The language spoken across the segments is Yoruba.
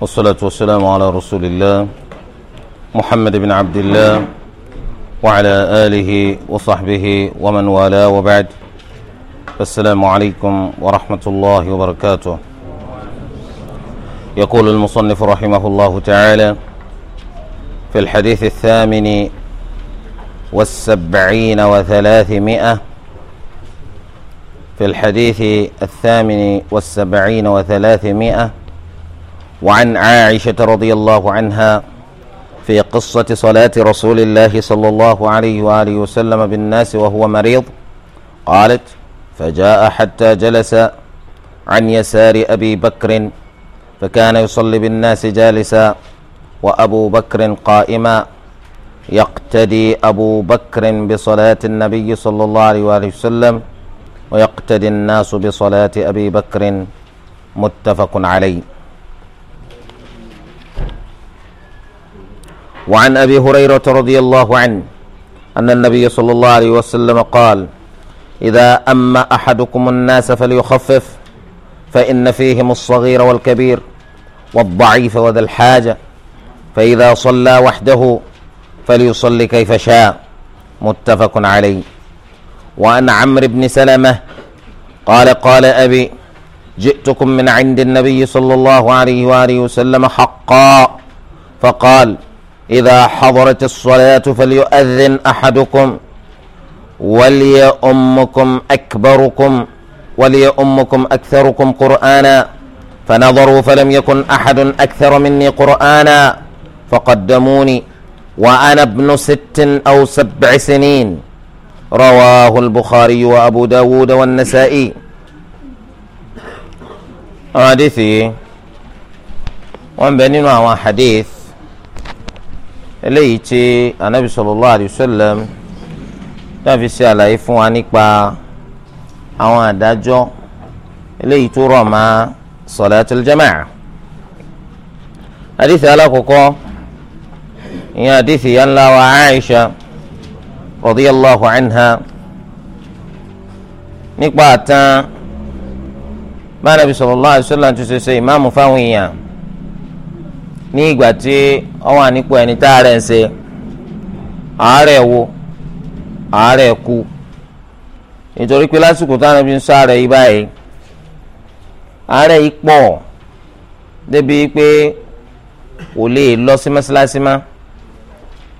والصلاة والسلام على رسول الله محمد بن عبد الله وعلى آله وصحبه ومن والاه وبعد السلام عليكم ورحمة الله وبركاته يقول المصنف رحمه الله تعالى في الحديث الثامن والسبعين وثلاثمائة في الحديث الثامن والسبعين وثلاثمائة وعن عائشة رضي الله عنها في قصة صلاة رسول الله صلى الله عليه وآله وسلم بالناس وهو مريض قالت فجاء حتى جلس عن يسار أبي بكر فكان يصلي بالناس جالسا وأبو بكر قائما يقتدي أبو بكر بصلاة النبي صلى الله عليه وآله وسلم ويقتدي الناس بصلاة أبي بكر متفق عليه وعن أبي هريرة رضي الله عنه أن النبي صلى الله عليه وسلم قال إذا أما أحدكم الناس فليخفف فإن فيهم الصغير والكبير والضعيف وذا الحاجة فإذا صلى وحده فليصلي كيف شاء متفق عليه وأن عمرو بن سلمة قال قال أبي جئتكم من عند النبي صلى الله عليه وآله وسلم حقا فقال إذا حضرت الصلاة فليؤذن أحدكم وليؤمكم أكبركم وليؤمكم أكثركم قرآنا فنظروا فلم يكن أحد أكثر مني قرآنا فقدموني وأنا ابن ست أو سبع سنين رواه البخاري وأبو داود والنسائي حديثي وأن بنينا حديث eléyìí tí anabi sallallahu alayhi wa sallam náà fi ṣe àlàyé fún wa nípa àwọn àdájọ́ eléyìí tó rọ̀ mọ́ salatul jama'a hadithi alakoko ìyẹn hadithi yẹn ńlá wa Aisha radiyallahu anha nípa àtàn bá anabi sallallahu alayhi tó ṣe ṣe ìmáàmù fáwọn èèyàn ní ìgbà tí wọ́n wà nípò ẹni tá àárẹ̀ ń ṣe àárẹ̀ wo àárẹ̀ kú nítorí pé lásìkò táwọn ẹbí ń sọ àárẹ̀ yìí báyìí àárẹ̀ yìí pọ̀ débi pé kò lè lọ sí mọ́sálásí má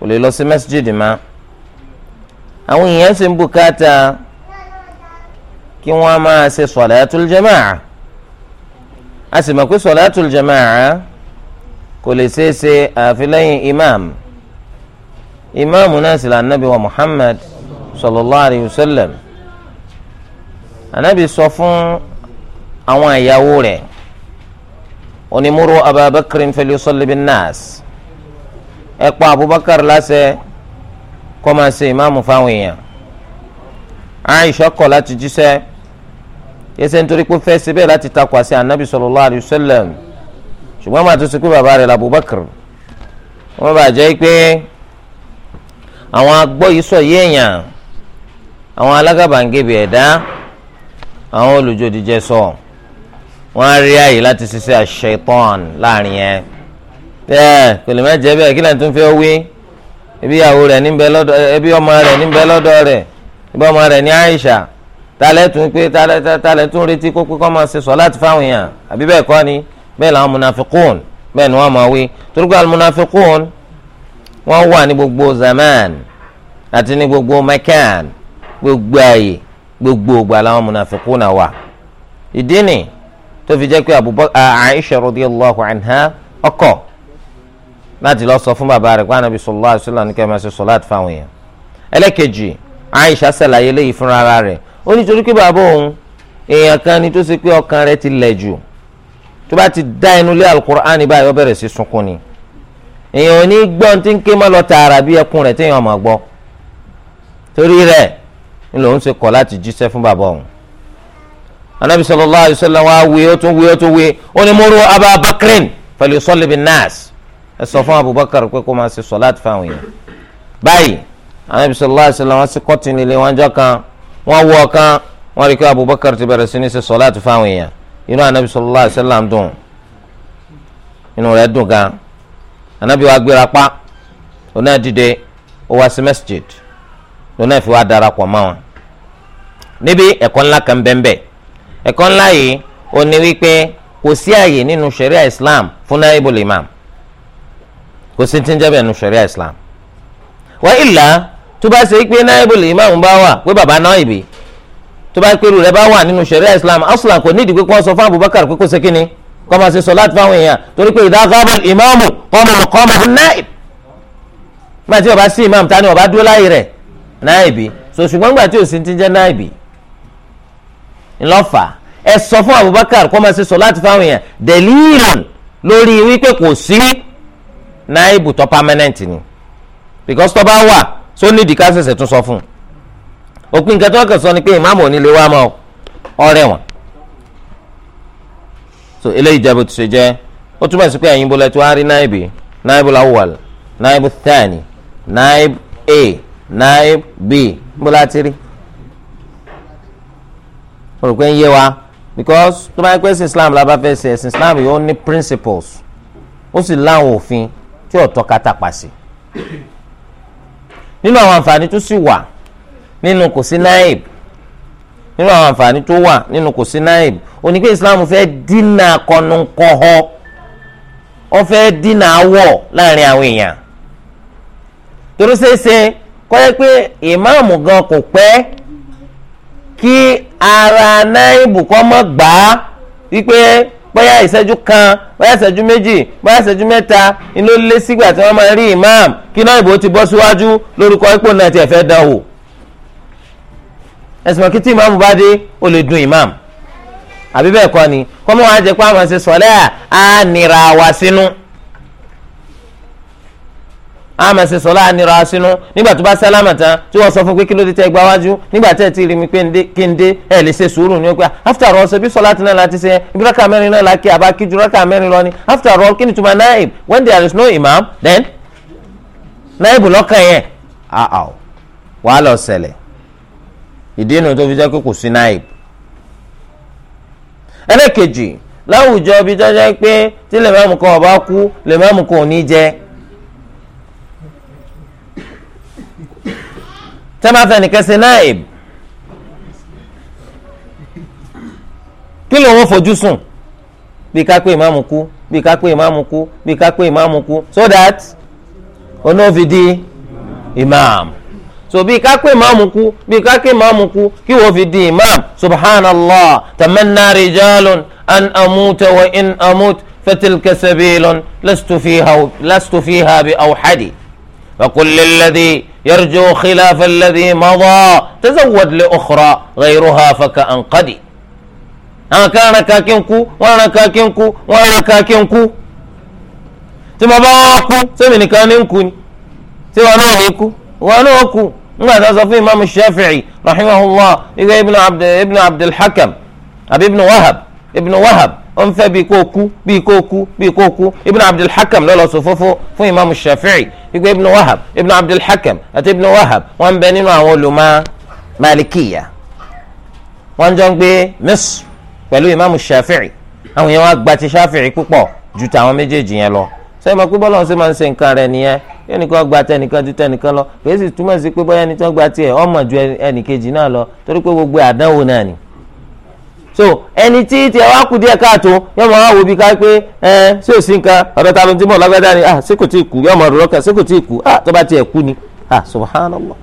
kò lè lọ sí mẹ́síjìdì má àwọn èèyàn sì ń bùkátà kí wọ́n máa ṣe sọ̀látul jama'a a sì mọ̀ pé sọ̀látul jama'a kò lè ṣeé ṣe àfi lẹ́yìn imam imam náà sì là nàbí wa muhammad sallallahu alayhi wa sallam anabi sọ fún àwọn ìyàwó rẹ̀ onímúrò ababakar falyusalli bin nas ẹ pa abubakar láṣẹ kó máa ṣe ìmáàmù fáwọn èèyàn aisha kọ̀ láti jíṣẹ́ yẹsẹ nítorí pé fẹẹ ṣe láti takwa anabi sallallahu alayhi wa sallam ṣùgbọ́n màá tó ṣe pé bàbá rẹ̀ l'Abubakar wọ́n bá jẹ́ pé àwọn agbọ́ yìí sọ yé èèyàn àwọn alágàbàǹgebè ẹ̀dá àwọn olùjòdìjẹ sọ wọ́n á rí àyè láti ṣiṣẹ́ àṣetán láàrin yẹn bẹ́ẹ̀ kò lè má jẹ́ bẹ́ẹ̀ kí lẹ́yìn tó ń fẹ́ wí ebi ọmọ rẹ̀ níbẹ̀ lọ́dọ̀ rẹ̀ ebi ọmọ rẹ̀ ní Aisha talẹ̀ tún pé talẹ̀ tún retí kó pé kọ́ máa ṣe sọ láti fáwọn èèyàn àbí bẹ́ẹ̀ kọ́ ni bẹ́ẹ̀ làwọn munafikun bẹ́ẹ̀ ni wọ́n máa wí torípé almunafikun wọ́n wà ní gbogbo zaman àti ní gbogbo mekan gbogbo ààyè gbogbo ògbà làwọn munafikun náà wà ìdí ni tó fi jẹ́ pé Aisha radiyallahu anha ọkọ̀ láti lọ sọ fún bàbá rẹ̀ pé anabi sallallahu alaihi wasallam ní kẹ́ máa ṣe sọláàtì fáwọn èèyàn ẹlẹ́kejì Aisha ṣàlàyé léyìí fúnra rẹ̀ ó nítorí pé bàbá òun èèyàn kan ni tó ṣe pé ọkàn rẹ̀ ti lẹ̀ jù tó bá ti dá ẹnu lé alukur'an báyìí ó bẹ̀rẹ̀ sí sunkún ni èèyàn ò ní gbọ́n tí ń ké má lọ tààrà bí ẹkún rẹ̀ téèyàn máa gbọ́ torí rẹ̀ ń lòun ṣe kọ̀ láti jíṣẹ́ fún bàbá òun anabi sallallahu alayhi wa sallam wa wi o tún wi o tún wi o ni mo ro abubakar pẹlú sọlẹbi nas ẹ sọ fún abubakar pé kó máa ṣe sọláàtì fáwọn yẹn anabi sallallahu alayhi wa sallam wọn sì kọ́tìnì lé wọn jọ kan wọn wọ kan wọn rí abubakar ti bẹ̀rẹ̀ sí ní ṣe sọláàtì fáwọn inú anabi sallallahu alaihi wasallam dùn inú rẹ̀ dùn gan anabi wa gbéra pa òun náà dìde ó wá sí masjid òun náà fi wá darapọ̀ mọ́ wọn níbi ẹ̀kọ́ ńlá kan bẹ́ẹ̀ ẹ̀kọ́ ńlá yìí ó ní wípé kò sí àyè nínú sharia islam fún naibul imam kò sí ti ń jẹ́ bẹ́ẹ̀ nínú sharia islam wa illa tó bá ṣe pé naibul imam bá wà pé baba náà ìbí tó bá pẹ́rù rẹ bá wà nínú sẹ̀ríà islam aslan kò nídìí pé kó sọ fún abubakar pé kó ṣe kíni kó máa ṣe sọlá fáwọn èèyàn torí pé idha ghaba ìmáàmù qama maqamahu naib nígbà tí ọba sí ìmáàmù ta ni ọba dúró láyé rẹ̀ náìbì so ṣùgbọ́n nígbà tí òsì ti jẹ́ náìbì ńlọ́fà ẹ sọ fún abubakar kó máa ṣe sọlá fáwọn èèyàn dẹ̀líìlùn lórí wípé kò sí náìbù tó permanent ni because tó bá wà só nídìí ká ṣẹ̀ṣẹ̀ tún sọ fún un òpin nǹkan tí wọ́n kàn sọ ni pé ìmáàmù onílé wa mọ́ ọ̀rẹ́ wọn. so eléyìí jẹ́ bó ti ṣe jẹ́ ó túmọ̀ sí pé ẹ̀yin bó lẹ́tọ́ á rí náìbì náìbù lawal náìbù thani náìbù a náìbù b bó láti rí. mo rò pé ń yé wa because tó bá yẹ pé ẹ̀sìn Islam la bá fẹ́ ṣe ẹ̀sìn Islam yóò ní principles ó sì láwọn òfin tí ọ̀tọ́ kata pàṣẹ nínú àwọn àǹfààní tó sì wà nínú kò sí naib nínú àwọn àǹfààní tó wà nínú kò sí naib ó ní islam fẹ́ dínà kọnùkọ́họ́ ó fẹ́ dínà awọ̀ láàrin àwọn èèyàn torí ṣeéṣe kọ́ yẹ pé ìmáàmù gan kò pẹ́ kí ara náìbù kọ́ mọ́ gbà á wípé bóyá ìṣẹ́jú kan bóyá ìṣẹ́jú méjì bóyá ìṣẹ́jú mẹ́ta ni ló lé sígbà tí wọ́n máa rí ìmáàmù kí náìbù ó ti bọ́ síwájú lórúkọ ipò náà tiẹ̀ fẹ́ dán ẹ̀sìn mọ̀ kí tí ìmáàmù bá dé ó lè dun ìmáàmù àbí bẹ́ẹ̀ kọ́ ni kọ́mọ́ wa jẹ́ pé àwọn ṣe sọ̀lẹ́ à nira wa sínú àmọ́ ṣe sọ̀lẹ́ nira wa sínú nígbà tó bá sálámà tán tí wọ́n sọ fún pé kí ló dé tẹ́ gbá wájú nígbà tẹ́ ti rí mi pé kí n dé ẹ̀ lè ṣe sùúrù ni ó after all ṣe bí sọ̀lá ti náà láti ṣe ibi rákà mẹ́rin náà láti àbá kíjú rákà mẹ́rin lọ ni after all kí ni tuma naib when there is no imam then naib lọ́kàn yẹn wàá lọ ṣẹlẹ̀ ìdí inú tó fi jẹ́ pé kò sí náà ìbò. ẹlẹ́kejì láwùjọ ibi tó jẹ́ pé tí lèmọ́mù kan ọba kú lèmọ́mù kan ò ní jẹ. tẹ́mátẹ́ nìkan ṣe náà kí ló ń fojú sùn bí ká ìmáàmù kú bí ká ìmáàmù kú bí ká ìmáàmù kú so that onovi di imam. so bí ká pé ìmáàmù kú bí ká pé ìmáàmù kú kí wọ́n fi di imam subhanallah tamanna rijalun an amuta wa in amut fatilka sabilun lastu fiha lastu fiha bi awhadi فقل للذي يرجو خلاف الذي مضى تزود لأخرى غيرها فكأنقدي àwọn kan ràn kàkí ń kú wọn ràn kàkí ń kú wọn ràn kàkí ń kú tí mo bá wọn kú sẹ́mi nìkan ní ń kú ni tí wọn náà ní kú wọn náà kú nígbà tó sọ fún imaamu shafi'i rahimahullah ike ibnu abd ibnu abdulhakam àbí ibnu wahab ibnu wahab ó ń fẹ́ bíi kó kú bíi kó kú bíi kó kú ibnu abdulhakam ló lọ sòfófó fún imaamu shafi'i ike ibnu wahab ibnu abdulhakam àti ibnu wahab wọ́n ń bẹ nínú àwọn olùmọ̀ malikiya wọ́n jọ ń gbé misr pẹ̀lú imaamu shafi'i àwọn yẹn wọ́n gba ti shafi'i púpọ̀ ju tàwọn méjèèjì yẹn lọ sẹ́yìn mọ̀ pé bọ́lá ọ̀sẹ̀ máa ń ṣe nǹkan rẹ̀ nìyẹn ẹnìkan gba tẹnìkan ju tẹnìkan lọ kìí sì túmọ̀ sí pé bọ́yá ẹni tó gba tiẹ̀ ọmọ ju ẹnìkejì náà lọ torí pé gbogbo àdánwò náà ni. so ẹni tí tiẹ̀ wá kú díẹ̀ káàtó yóò máa wo bí ká pé ẹ sí òsì nǹkan ọ̀dọ̀ ta ló ti mọ̀ lágbádá ni ah sí tí kú yóò máa rọ̀rọ̀ kan sí tí kú ah tó bá tiẹ̀ kú ni ah subhanallah.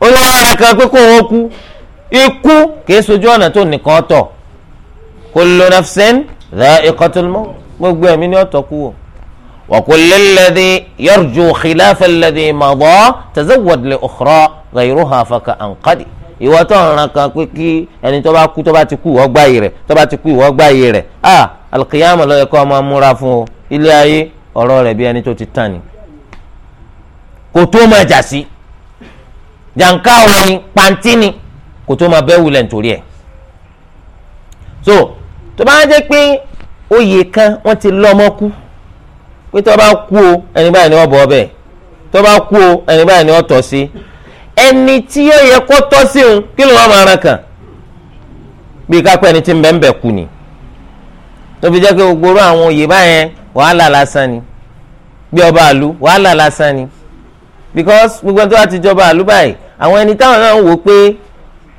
olówó ara kan pé kó wọn kú ikú kìí sojú ọ̀nà tó nìkan tọ̀ kullu gbogbo ẹ̀mí ni ọ̀tọ̀ kú wò. وكل الذي يرجو خلاف الذي مضى تزود لأخرى غيرها فكأنقد ìwọ tó ń ran kan pé kí ẹni tó bá kú tó bá ti kú ìwọ gbáyé rẹ̀ tó bá ti kú ìwọ gbáyé rẹ̀ a alkiyama ló yẹ kó máa múra fún o ilé ayé ọ̀rọ̀ rẹ̀ bí ẹni tó ti tàn ní. kò tó máa jà sí jàǹká ọ̀rọ̀ ni pàǹtí ni kò tó máa bẹ́ wulẹ̀ nítorí ẹ̀. so tó bá jẹ́ pé oyè kan wọ́n ti lọ́mọ kú pé tó bá kú o ẹni báyìí ni wọ́n bọ̀ ọbẹ̀ tó bá kú o ẹni báyìí ni wọ́n tọ́ sí ẹni tí ó yẹ kó tọ́ sí òun kí ló wọ́n máa ran kàn bí kápẹ́ ẹni tí ń bẹ̀ ń bẹ̀ kú ni tó fi jẹ́ pé gbogbo àwọn oyè báyẹn wàhálà lásán ni bí ọba àlú wàhálà lásán ni because gbogbo ẹni tó bá ti jọba àlú báyìí àwọn ẹni táwọn náà wò pé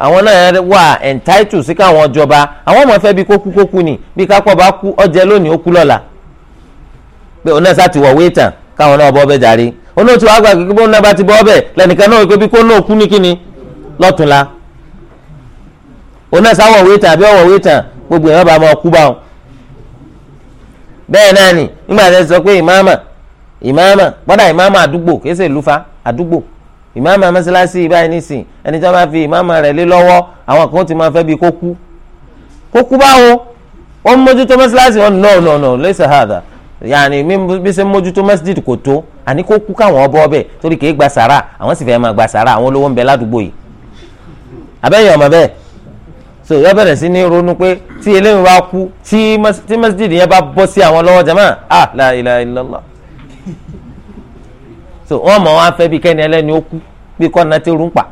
àwọn náà wà entitled sí káwọn jọba àwọn ọmọ fẹ́ bí kókú kókú ni bí kápọ̀ bá kú ọjẹ́ lónìí ó kú lọ́la pé òun náà sáti wọ̀ wéètàn káwọn náà bọ́ ọbẹ̀ jàre olóòtú wa gbà pé bóun náà bá ti bọ́ ọbẹ̀ lẹ́nìkan náà wípé bí kó náà kú ní kíni lọ́túnla òun náà sáwọ̀ wéètàn àbí ọwọ̀ wéètàn gbogbo ìyẹn bá máa kú báwọn. bẹ́ẹ̀ náà ni nígbà tí wọ́n sọ pé ìmáàmà mọ́sálásí ìbáyìí nísìn ẹni tí wọ́n bá fi ìmáàmà rẹ̀ lé lọ́wọ́ àwọn kan ti máa fẹ́ bí kó kú báwo ó ń mójútó mọ́sálásí wọn no no no lẹ́sẹ̀ hàdà yàní bí ṣe ń mójútó mọ́sálásí kò tó àní kó kú káwọn ọbọ̀ ọbẹ̀ torí kì í gba sàrà àwọn sì fẹ́ máa gba sàrà àwọn olówó ń bẹ ládùúgbò yìí àbẹ́yẹ ọmọ bẹ́ẹ̀ so yọ bẹ̀rẹ̀ sí ní ronú pé tí eléyìí wá kú tí mọ́sálásí yẹn bá bọ́ sí àwọn lọ́wọ́ jama ah la ilaha illallah so wọn mọ wọn fẹ́ bí kẹ́ni ẹlẹ́ni ó kú bí kọ́ ọ̀nà rún pa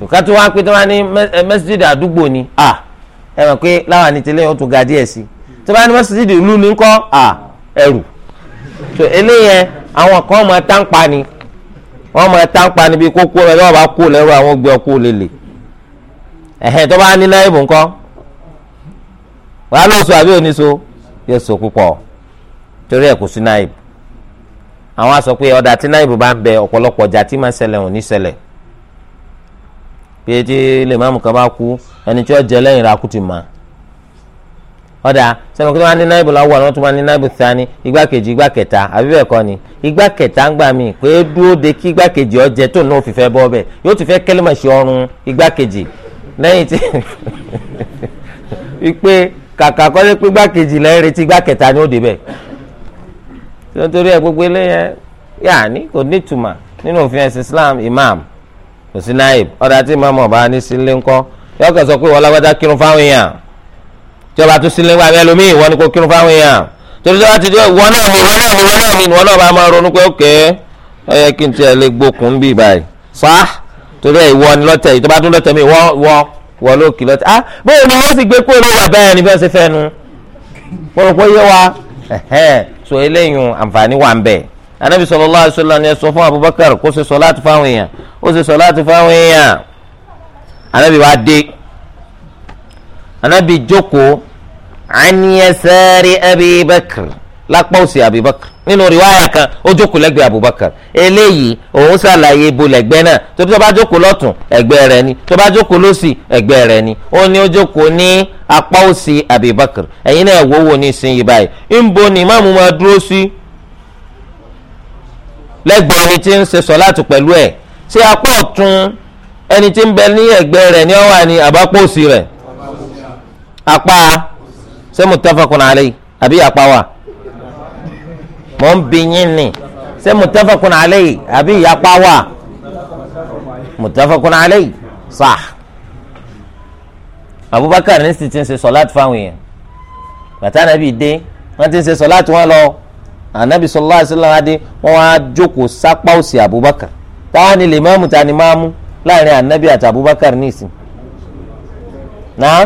so ká tó wá tó wá ní eh, masjid àdúgbò ni à ẹ mọ̀ pé láwọn àní tẹ́lẹ̀ ó tún ga díẹ̀ sí tó bá ní masjid ìlú ni ńkọ́ à ẹrù so eléyẹn àwọn kan máa tá ń pa ni wọn máa tá ń pa ni bí kókó rẹ lọ́wọ́ bá kó lẹ́rú àwọn gbé ọkọ lélẹ̀ ẹ̀hẹ́n tó bá ní náírà ńkọ́ wàá lóṣù àbí oníṣòwò yẹ sọ púpọ̀ torí ẹ̀ kò sí náírà àwọn sọ pé ọ̀dà tí náìbù bá ń bẹ ọ̀pọ̀lọpọ̀ ọjà tí máa ṣẹlẹ̀ ò ní ṣẹlẹ̀ pé tí lè máàmù kan bá kú ẹni tí ó jẹ lẹ́yìn ra kú ti mọ̀ ọ̀dà sẹ́mi kí ló máa ní náìbù lọ́wọ́ àwọn tó máa ní náìbù ta ni igbákejì igbákẹta àbí bẹ́ẹ̀ kọ́ ni igbákẹta ń gbà mí pé dúró de kí igbákejì ó jẹ tó náà fi fẹ́ bọ́ bẹ̀ yóò ti fẹ́ nítorí ẹ gbogbo eléyẹn yàní kò nítumà nínú òfin ẹ̀sìn Islam imam kò sí naib ọ̀dà tí imam ọba ní sílé ńkọ́ yọ kàn sọ pé wọ́n lágbájá kírun fáwọn èèyàn tí ọba tún sílé wà bẹ́ẹ̀ lómi ìwọ ni kò kírun fáwọn èèyàn torí tí wọ́n ti dé wọ́n náà mi wọ́n náà mi wọ́n náà mi wọ́n náà bá máa ronú pé ókè ẹ yẹ kí n tiẹ̀ lè gbókun bí báyìí sáà torí ẹ ìwọ ni lọ́tẹ̀ ìjọba tún lọ́tẹ̀ mi wọ́n wọ́n wọ́n ló kì lọ́tẹ̀ ah bóyá ni wọ́n sì gbé kúrò lórí bàbá ẹ̀ ní bẹ́ẹ̀ ṣe fẹ́ nu pọ̀lọpọ̀ yé so eléyìí àǹfààní wà ń bẹ anabi sallallahu alaihi wasallam ni ẹ sọ fún abubakar kó ṣe sọláàtì fáwọn èèyàn ó ṣe sọláàtì fáwọn èèyàn anabi wa dé anabi jókòó aniyasari abibakar lápá òsì abibakar nínú riwaya kan ó jókòó lẹ́gbẹ̀ẹ́ Abubakar eléyìí òun ṣàlàyé ibo lẹ́gbẹ́ náà tó bá jókòó lọ́tún ẹ̀gbẹ́ rẹ̀ ni tó bá jókòó lọ́sì ẹ̀gbẹ́ rẹ̀ ni ó ní ó jókòó ní apá òsì Abubakar ẹ̀yin náà wò wò ní ìsinyìí báyìí ńbo ni ìmáàmù máa dúró sí lẹ́gbẹ̀ẹ́ ẹni tí ń ṣe sọ́láàtù pẹ̀lú ẹ̀ ṣé apá ọ̀tún ẹni tí ń bẹ ní ẹ̀gbẹ́ rẹ̀ ni ó wà àbápọ̀ òsì rẹ̀ apá ṣé muttafaqun alayhi àbí apá wà mọ̀ ń bi yín ni ṣé mutafakun alayhi àbí ìyapa wà mutafakun alayhi sah Abubakar ní sì ti ń ṣe sọláàtì fáwọn èèyàn bàtà nàbì dé wọ́n ti ń ṣe sọláàtì wọn lọ anabi sallallahu alaihi wasallam adé wọ́n á jókòó sápá òsì Abubakar táwọn ni lè máa ta ni máa mú láàrin anabi àti Abubakar ní ìsìn náà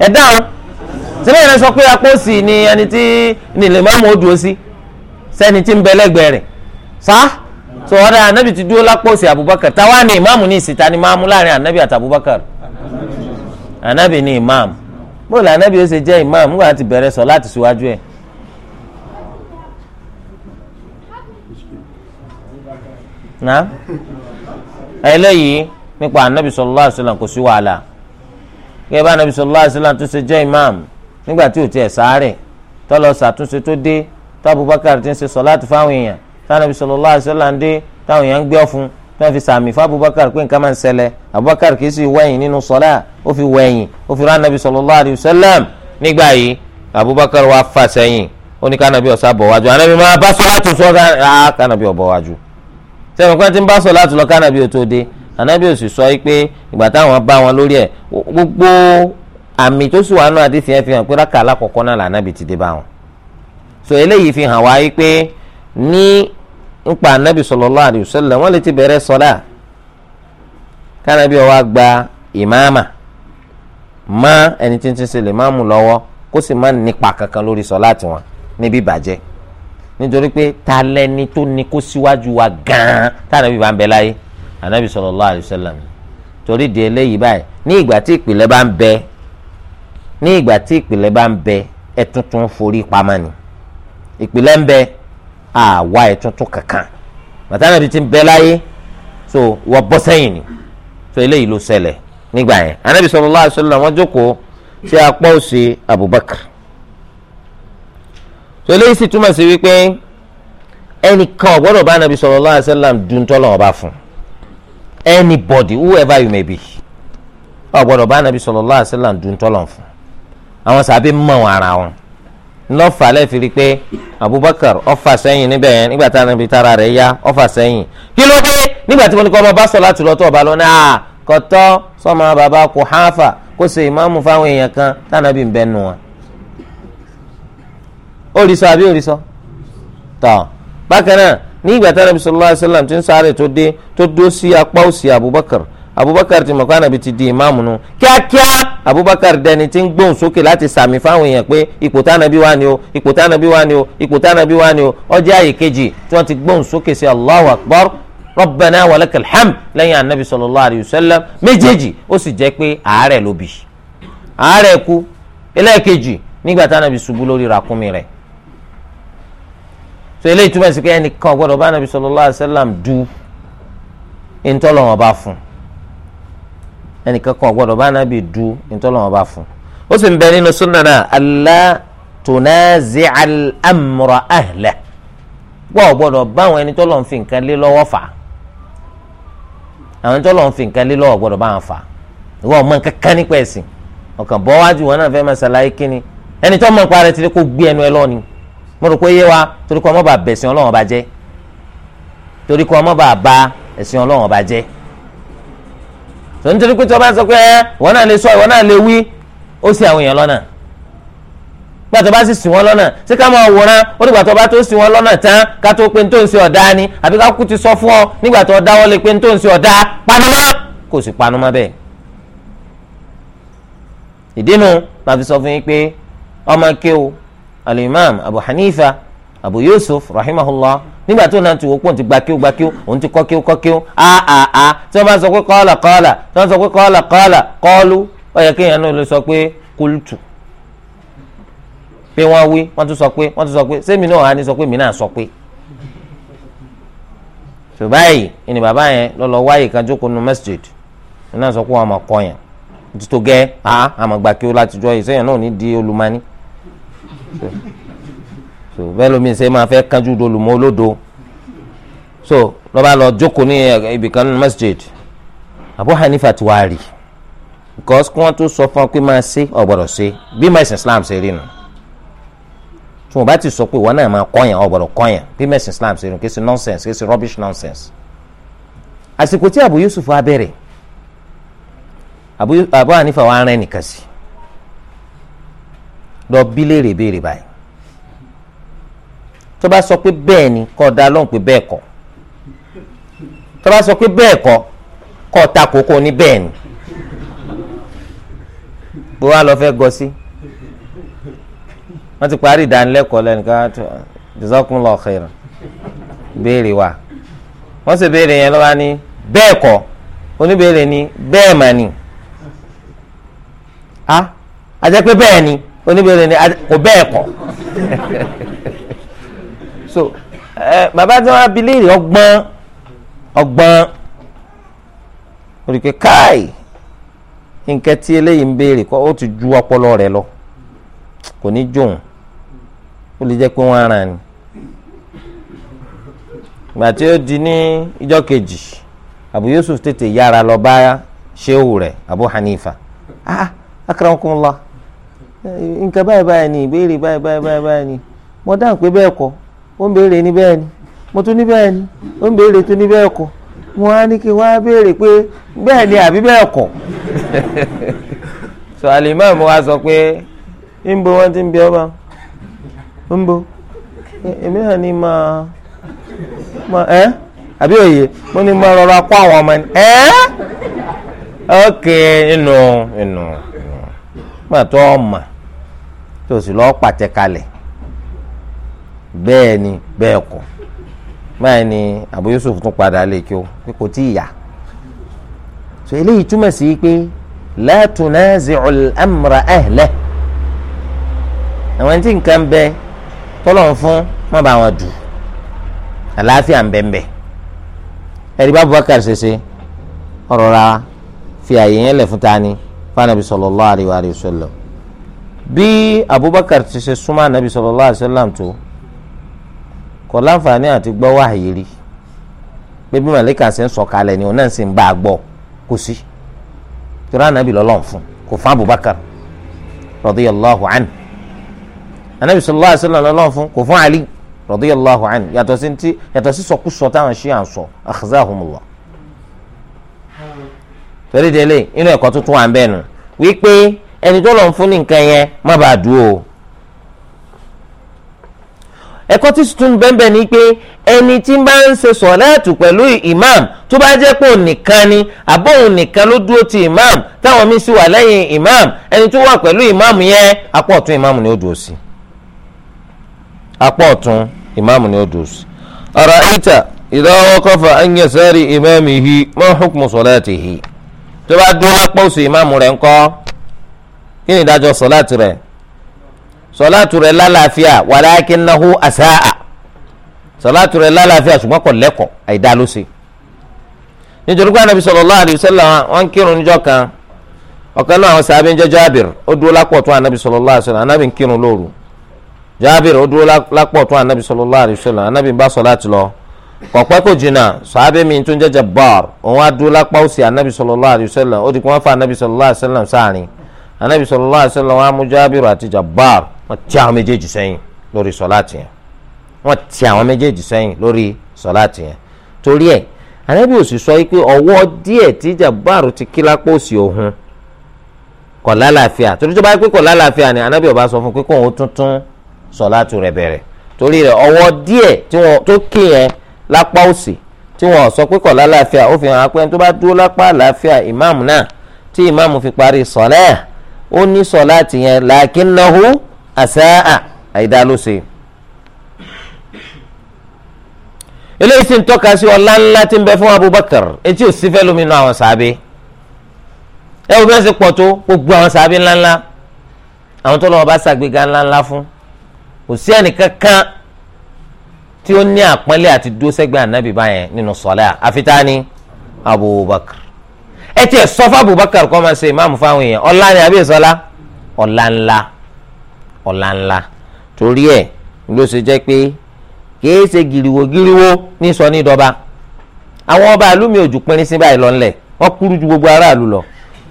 ẹ dáhùn sílẹ̀ yẹn sọ pé apó sì ni ẹni tí nílẹ̀ máa mú odò sí sẹ́ni tí ń bẹ lẹ́gbẹ̀ẹ́ rẹ̀ sá so ọ̀dà anabi ti dúró lápò sí abubakar táwa ni ìmáàmù ní ìsìta ni máa láàrin anabi àti abubakar anabi ni ìmáàmù la anabi ó ṣe jẹ́ ìmáàmù nígbà tí bẹ̀rẹ̀ sọ láti síwájú ẹ̀. na eléyìí nípa anabi sallallahu alaihi wasallam kò sí wàhálà gẹ́gẹ́ bá anabi sallallahu alaihi wasallam tó ṣe jẹ́ ìmáàmù nígbà tí ò tiẹ̀ sáré tọ́lọ ṣàtúnṣe tó dé tó Abubakar ti ń ṣe sọláàtì fáwọn èèyàn tánàbí sallallahu alaihi wasallam dé táwọn èèyàn ń gbé ọ̀fun náà fi sàmì fún Abubakar pé nǹkan máa ń ṣẹlẹ̀ Abubakar kì í sì wẹ̀yìn nínú sọlá ó fi wẹ̀yìn ó fi rán nàbí sallallahu alaihi wasallam nígbà yìí Abubakar wá fà sẹ́yìn ó ní kánàbí ọ̀sá bọ̀ wájú ànábi máa bá sọláàtì sọ kánàbí ọ̀bọ̀ wájú sẹ́wọ̀n pé tí àmì tó sì wà nù àdìsí yẹn fi hàn pé rákà alákọ̀ọ́kọ́ náà lànàbì ti dé bá wọn. so eléyìí fi hàn wáyé pé ní nípa ànábì sallallahu alaihi wasallam wọ́n lè ti bẹ̀rẹ̀ sọ́lá kánábì ó wá gba ìmáàmà má ẹni tí ń ti ṣe lè máàmù lọ́wọ́ kó sì má nípa kankan lórí sọ́lá tiwọn níbi ìbàjẹ́ nítorí pé ta lẹni tó ní kó síwájú wa gan-an tánábì bá ń bẹ láyé ànábì sallallahu alaihi wasallam torí di eléyìí báyìí ní ìgbà tí ìpìlẹ̀ bá ń bẹ ní ìgbà tí ìpìlẹ̀ bá ń bẹ ẹ tuntun forí pamọ́ ni ìpìlẹ̀ ń bẹ àwa ẹ tuntun kankan màtánà bíi ti ń bẹ láyé so wọ́n bọ́ sẹ́yìn ni so eléyìí ló ṣẹlẹ̀ nígbà yẹn anabi sallallahu alaihi wasallam wọ́n jókòó sí apá òsì abubakar so eléyìí sì túmọ̀ sí wípé ẹnìkan ò gbọ́dọ̀ bá anabi sallallahu alaihi wasallam dùn tọ́lọ́ ọba fún anybody whoever you may be ò gbọ́dọ̀ bá anabi sallallahu alaihi wasallam dùn tọ́lọ́ fún àwọn sàbí mọ̀ wọn ara wọn ńlọ́fà lẹ́fìrí pé Abubakar ọ̀fà sẹ́yìn níbẹ̀ yẹn nígbà tá níbi tára rẹ̀ yá ọ̀fà sẹ́yìn kí ló dé nígbà tí mo ní kọ́ ọmọ bá sọ láti lọ́tọ̀ ọba lọ́nà à kọ́tọ́ sọ́mọ bàbá kò háfà kó ṣe ìmáàmù fáwọn èèyàn kan tánàbí ń bẹnu wọn. orísọ àbí orísọ tọ bákan náà ní ìgbà tá níbi sallallahu alaihi wasallam ti ń sáré tó dé tó dó sí apá òsì Abubakar abubakar ti mọ̀ pé anabi ti di ìmáàmù nu kíákíá abubakar dẹni ti ń gbóhùn sókè láti sàmì fáwọn èèyàn pé ipò tánàbí wà ní o ipò tánàbí wà ní o ipò tánàbí wà ní o ọjọ́ àyè kejì tí wọ́n ti gbóhùn sókè sí allahu akbar rabbana walakal hamd lẹ́yìn anabi sallallahu alayhi wa sallam méjèèjì ó sì jẹ́ pé àárẹ̀ ló bì àárẹ̀ kú ẹlẹ́ẹ̀kejì nígbà tánàbí ṣubú lórí ràkúnmí rẹ̀ so eléyìí túmọ̀ sí pé ẹnìkan gbọ́dọ̀ bá anabi sallallahu alayhi wa sallam du ntọ́lọ́wọ́n bá fún un ẹnìkan kan gbọ́dọ̀ bá nàbì du ntọ́lọ́wọ́n bá fún ó sì ń bẹ nínú súnà náà alla tunazi al-amra ahla gbọ́ gbọ́dọ̀ báwọn ẹni tọ́lọ́ ń fi nǹkan lé lọ́wọ́ fà àwọn tọ́lọ́ ń fi nǹkan lé lọ́wọ́ gbọ́dọ̀ báwọn fà ìwọ ọmọ nǹkan kan nípa ẹ̀sìn ọkàn bọ́ wájú wọn náà fẹ́ máa ṣàlàyé kíni ẹni tó mọ̀ nípa rẹ̀ ti rí kó gbé ẹnu ẹ lọ́ni mo rò pé yé wa torí kó ọmọ bá bẹ̀sìn ọlọ́wọ́n bá jẹ́ torí kó ọmọ bá ba ẹ̀sìn ọlọ́wọ́n bá jẹ́ tó ń torí pé tí wọ́n bá sọ pé ẹ wọ́n náà lè sọ ìwọ́n náà lè wí ó sì àwọn èèyàn lọ́nà gbà tó bá sì sìn wọ́n lọ́nà ṣé ká máa wòran ó dìgbà tó bá tó sìn wọ́n lọ́nà tán ká tó pé nítorí ṣe ọ̀dá ni àbí ká kú ti sọ fún ọ nígbà tó dáwọ́ lé pé nítorí ṣe ọ̀dá panumọ́ kò sì panumọ́ bẹ́ẹ̀. ìdí nu màá fi sọ fún yín pé ọmọ kéwu alimam Abu Hanifa abu yusuf rahimahullah nígbà tó náà ti wò pọ̀ ti gba kíó gba kíó òun ti kọ́ kíó kọ́ kíó a a a tí wọ́n bá sọ pé kọ́ọ̀là kọ́ọ̀là tí wọ́n sọ pé kọ́ọ̀là kọ́ọ̀là kọ́ọ̀lù ó yẹ kéèyàn náà lè sọ pé kúlùtù pé wọ́n wí wọ́n tún sọ pé wọ́n tún sọ pé sẹ́mi náà á ní sọ pé mi náà sọ pé. ṣùgbọ́n ìní bàbá yẹn lọ́lọ́ wáyé kan jókòó nu masjid náà sọ pé wọ́n so bẹ́ẹ̀ lómi ṣe máa fẹ́ kánjú dolùmọ́ olódo so lọ́ba lọ jókòó ní eh, ibìkan nínú masjid Abu Hanifa ti wá rí because kí wọ́n tó sọ fún ọ pé máa ṣe ọ̀gbọ́dọ̀ ṣe bí mẹ́sìn Islam ṣe rí nu tí wọ́n bá ti sọ pé ìwọ náà máa kọ́yàn ọ̀gbọ́dọ̀ kọ́yàn bí mẹ́sìn Islam ṣe rí nu kì í ṣe nonsense kì í ṣe rubbish nonsense àsìkò tí Abu Yusuf wá bẹ̀rẹ̀ Abu Hanifa wá rẹ́ nìkan sí lọ bí léèrè béèrè báyìí tó bá sọ pé bẹ́ẹ̀ ni kó dá lóhùn pé bẹ́ẹ̀ kọ́ tó bá sọ pé bẹ́ẹ̀ kọ́ kó ta kókó ní bẹ́ẹ̀ ni bó wá lọ fẹ́ gọ sí wọ́n ti parí ìdánilẹ́kọ̀ọ́ lẹ́nìkan jazakumullahu khairan béèrè wa wọ́n sì béèrè yẹn lọ́wọ́ ní bẹ́ẹ̀ kọ́ oníbèrè ni bẹ́ẹ̀ mà ni ah, a àjẹpẹ́ bẹ́ẹ̀ ni oníbèrè ni kò bẹ́ẹ̀ kọ́. so ẹ bàbá tí wọn abilé ọgbọn ọgbọ́n olùkẹ káì nǹkan tí kọ ó ti ju ọpọlọ rẹ lọ kò ní jóun ó lè pé wọn ara ni ìgbà tí ó di ní ijọ kejì Abu Yusuf tètè yára lọ bá ṣéwù rẹ Abu Hanifa ah akramakumullah nke báyìí báyìí ni ìbéèrè báyìí báyìí báyìí ni mo dáhùn pé bẹ́ẹ̀ kọ́ ó ń béèrè ní bẹ́ẹ̀ ni mo tún ní bẹ́ẹ̀ ni ó ń béèrè tún ní bẹ́ẹ̀ kọ́ mo á ní kí wọ́n á béèrè pé bẹ́ẹ̀ ni àbí bẹ́ẹ̀ kọ́ sọ alimami wa sọ pé ń bo wọn ti ń bí ọba ń bo èmi hàn ní máa máa ẹ àbí òye mo ní máa rọra kó àwọn ọmọ ẹ ok inú inú inú gbàtọ́ ọmọ tó sì lọ́ọ́ pàtẹ kalẹ̀ bẹ́ẹ̀ ni bẹ́ẹ̀ kọ́ báyìí ni Abu Yusuf tún padà lè kí o pé kò tí ì yá so eléyìí túmọ̀ sí pé la tunazi'ul amra ahlah àwọn ẹni tí nǹkan bẹ tọ́lọ̀ ń fún má bàa wọn dù àlàáfíà ń bẹ́ẹ̀ bẹ́ẹ̀ ẹ̀rí bá Abubakar ṣẹṣẹ ọ̀rọ̀ ra fi àyè yẹn lẹ̀ fún tani fanabi sallallahu alaihi wa sallam bí Abubakar ṣẹṣẹ súnmọ́ anabi sallallahu alaihi wa sallam tó kò láǹfààní àti gbọ́ wáyé rí pé bí màlíkà ṣe ń sọ̀kalẹ̀ ni òun náà sì ń bá a gbọ́ kò sí torí ànábì lọ́lọ́run fún kò fún Abubakar radiyallahu anhu ànábì sallallahu alaihi lọ́lọ́run fún kò fún Ali radiyallahu anhu yàtọ̀ sí ti yàtọ̀ sí sọkúsọ táwọn ṣí à ń sọ akhzahumullah torí délé inú ẹ̀kọ́ tuntun wà ń bẹ́ẹ̀ nù wípé ẹni tó lọ́n ẹ̀kọ́ tí tuntun bẹ́ẹ̀ ni pé ẹni tí bá ń ṣe sọ̀láàtù pẹ̀lú imam tó bá jẹ́ pé òun nìkan ni àbóhun nìkan ló dúró ti imam táwọn míín sì wà lẹ́yìn imam ẹni tó wà pẹ̀lú imam yẹn apá ọ̀tún imam ni ó dúró sí apá ọ̀tún imam ni ó dúró sí. ọ̀rọ̀ àyíta ìdáwọ́ kọfà ẹ̀yẹsẹ́rì imam yìí mọ́ hukmu sọ̀láàtì yìí tó bá dúró lápá òsì imam rẹ̀ ńkọ́ kí ni ìdájọ́ sọ̀láàtì rẹ̀ sọláàtù rẹ̀ lálàáfíà wàlákínnáhù àsáà sọláàtù rẹ̀ lálàáfíà ṣùgbọ́n kò lẹ́kọ̀ọ́ àìdá ló ṣe. nítorí pé anabi sallallahu alaihi wasallam wọn kírun níjọ́ kan ọ̀kan náà àwọn sàbẹ̀ ńjẹ́ Jábìr ó dúró lápọ̀ tún anabi sallallahu alaihi wasallam anabi ń kírun lóru Jábìr ó dúró lápọ̀ tún anabi sallallahu alaihi wasallam anabi ń bá sọláàtì lọ kọ̀pẹ́ kò jìnnà sàbẹ̀ mi tún jẹ́ Jabbar òun á dúró lápá òsì anabi sallallahu alaihi wasallam ó di kí wọ́n fa anabi sallallahu alaihi wasallam sáàrin anabi sallallahu alaihi wasallam wọn á mú Jábìr àti Jabbar wọ́n ti àwọn méjèèjì sẹ́yìn lórí sọláàtì yẹn wọ́n ti àwọn méjèèjì sẹ́yìn lórí sọláàtì yẹn torí ẹ̀ ànábì òsì sọ yìí pé ọwọ́ díẹ̀ tí jàbáàrú ti kí lápò òsì òhun kọ̀ lálàáfíà torí tó bá yẹ pé kọ̀ lálàáfíà ni ànábì ọba sọ fún pé kóun tuntun sọláàtù rẹ̀ bẹ̀rẹ̀ torí rẹ̀ ọwọ́ díẹ̀ tó kí yẹn lápá òsì tí wọn sọ pé kọ̀ lálàáfíà ó fi hàn á pé tó bá dúró lápá àlàáfíà ìmáàmù náà tí ìmáàmù fi parí sọ̀lẹ́ ó ní sọ̀láàtì yẹn làákínnáhù àṣàà àìdá ló ṣe. eléyìí sì ń tọ́ka sí ọlá ńlá tí ń bẹ fún Abubakar etí ò sí fẹ́ lómi inú àwọn sàábé ẹ wo fẹ́ẹ́ sì pọ̀ tó gbogbo àwọn sàábé ńláńlá àwọn tó lọ́wọ́ bá ṣàgbéga ńláńlá fún kò sí ẹnìkan kan tí ó ní àpọ́nlé àti dúró sẹ́gbẹ̀ẹ́ ànábì báyẹn nínú sọ́lá àfitá ni Abubakar ẹ tiẹ̀ sọ Abubakar kọ́ máa ṣe ìmáàmù fáwọn èèyàn ọlá ni àbí ìsọlá ọlá ńlá ọlá ńlá torí ẹ̀ ló ṣe jẹ́ pé kìí ṣe gìrìwò gìrìwò ní sọ ní ìdọba àwọn ọba ìlú mi ò jù pínrín sí báyìí lọ ńlẹ̀ wọ́n kúrú ju gbogbo aráàlú lọ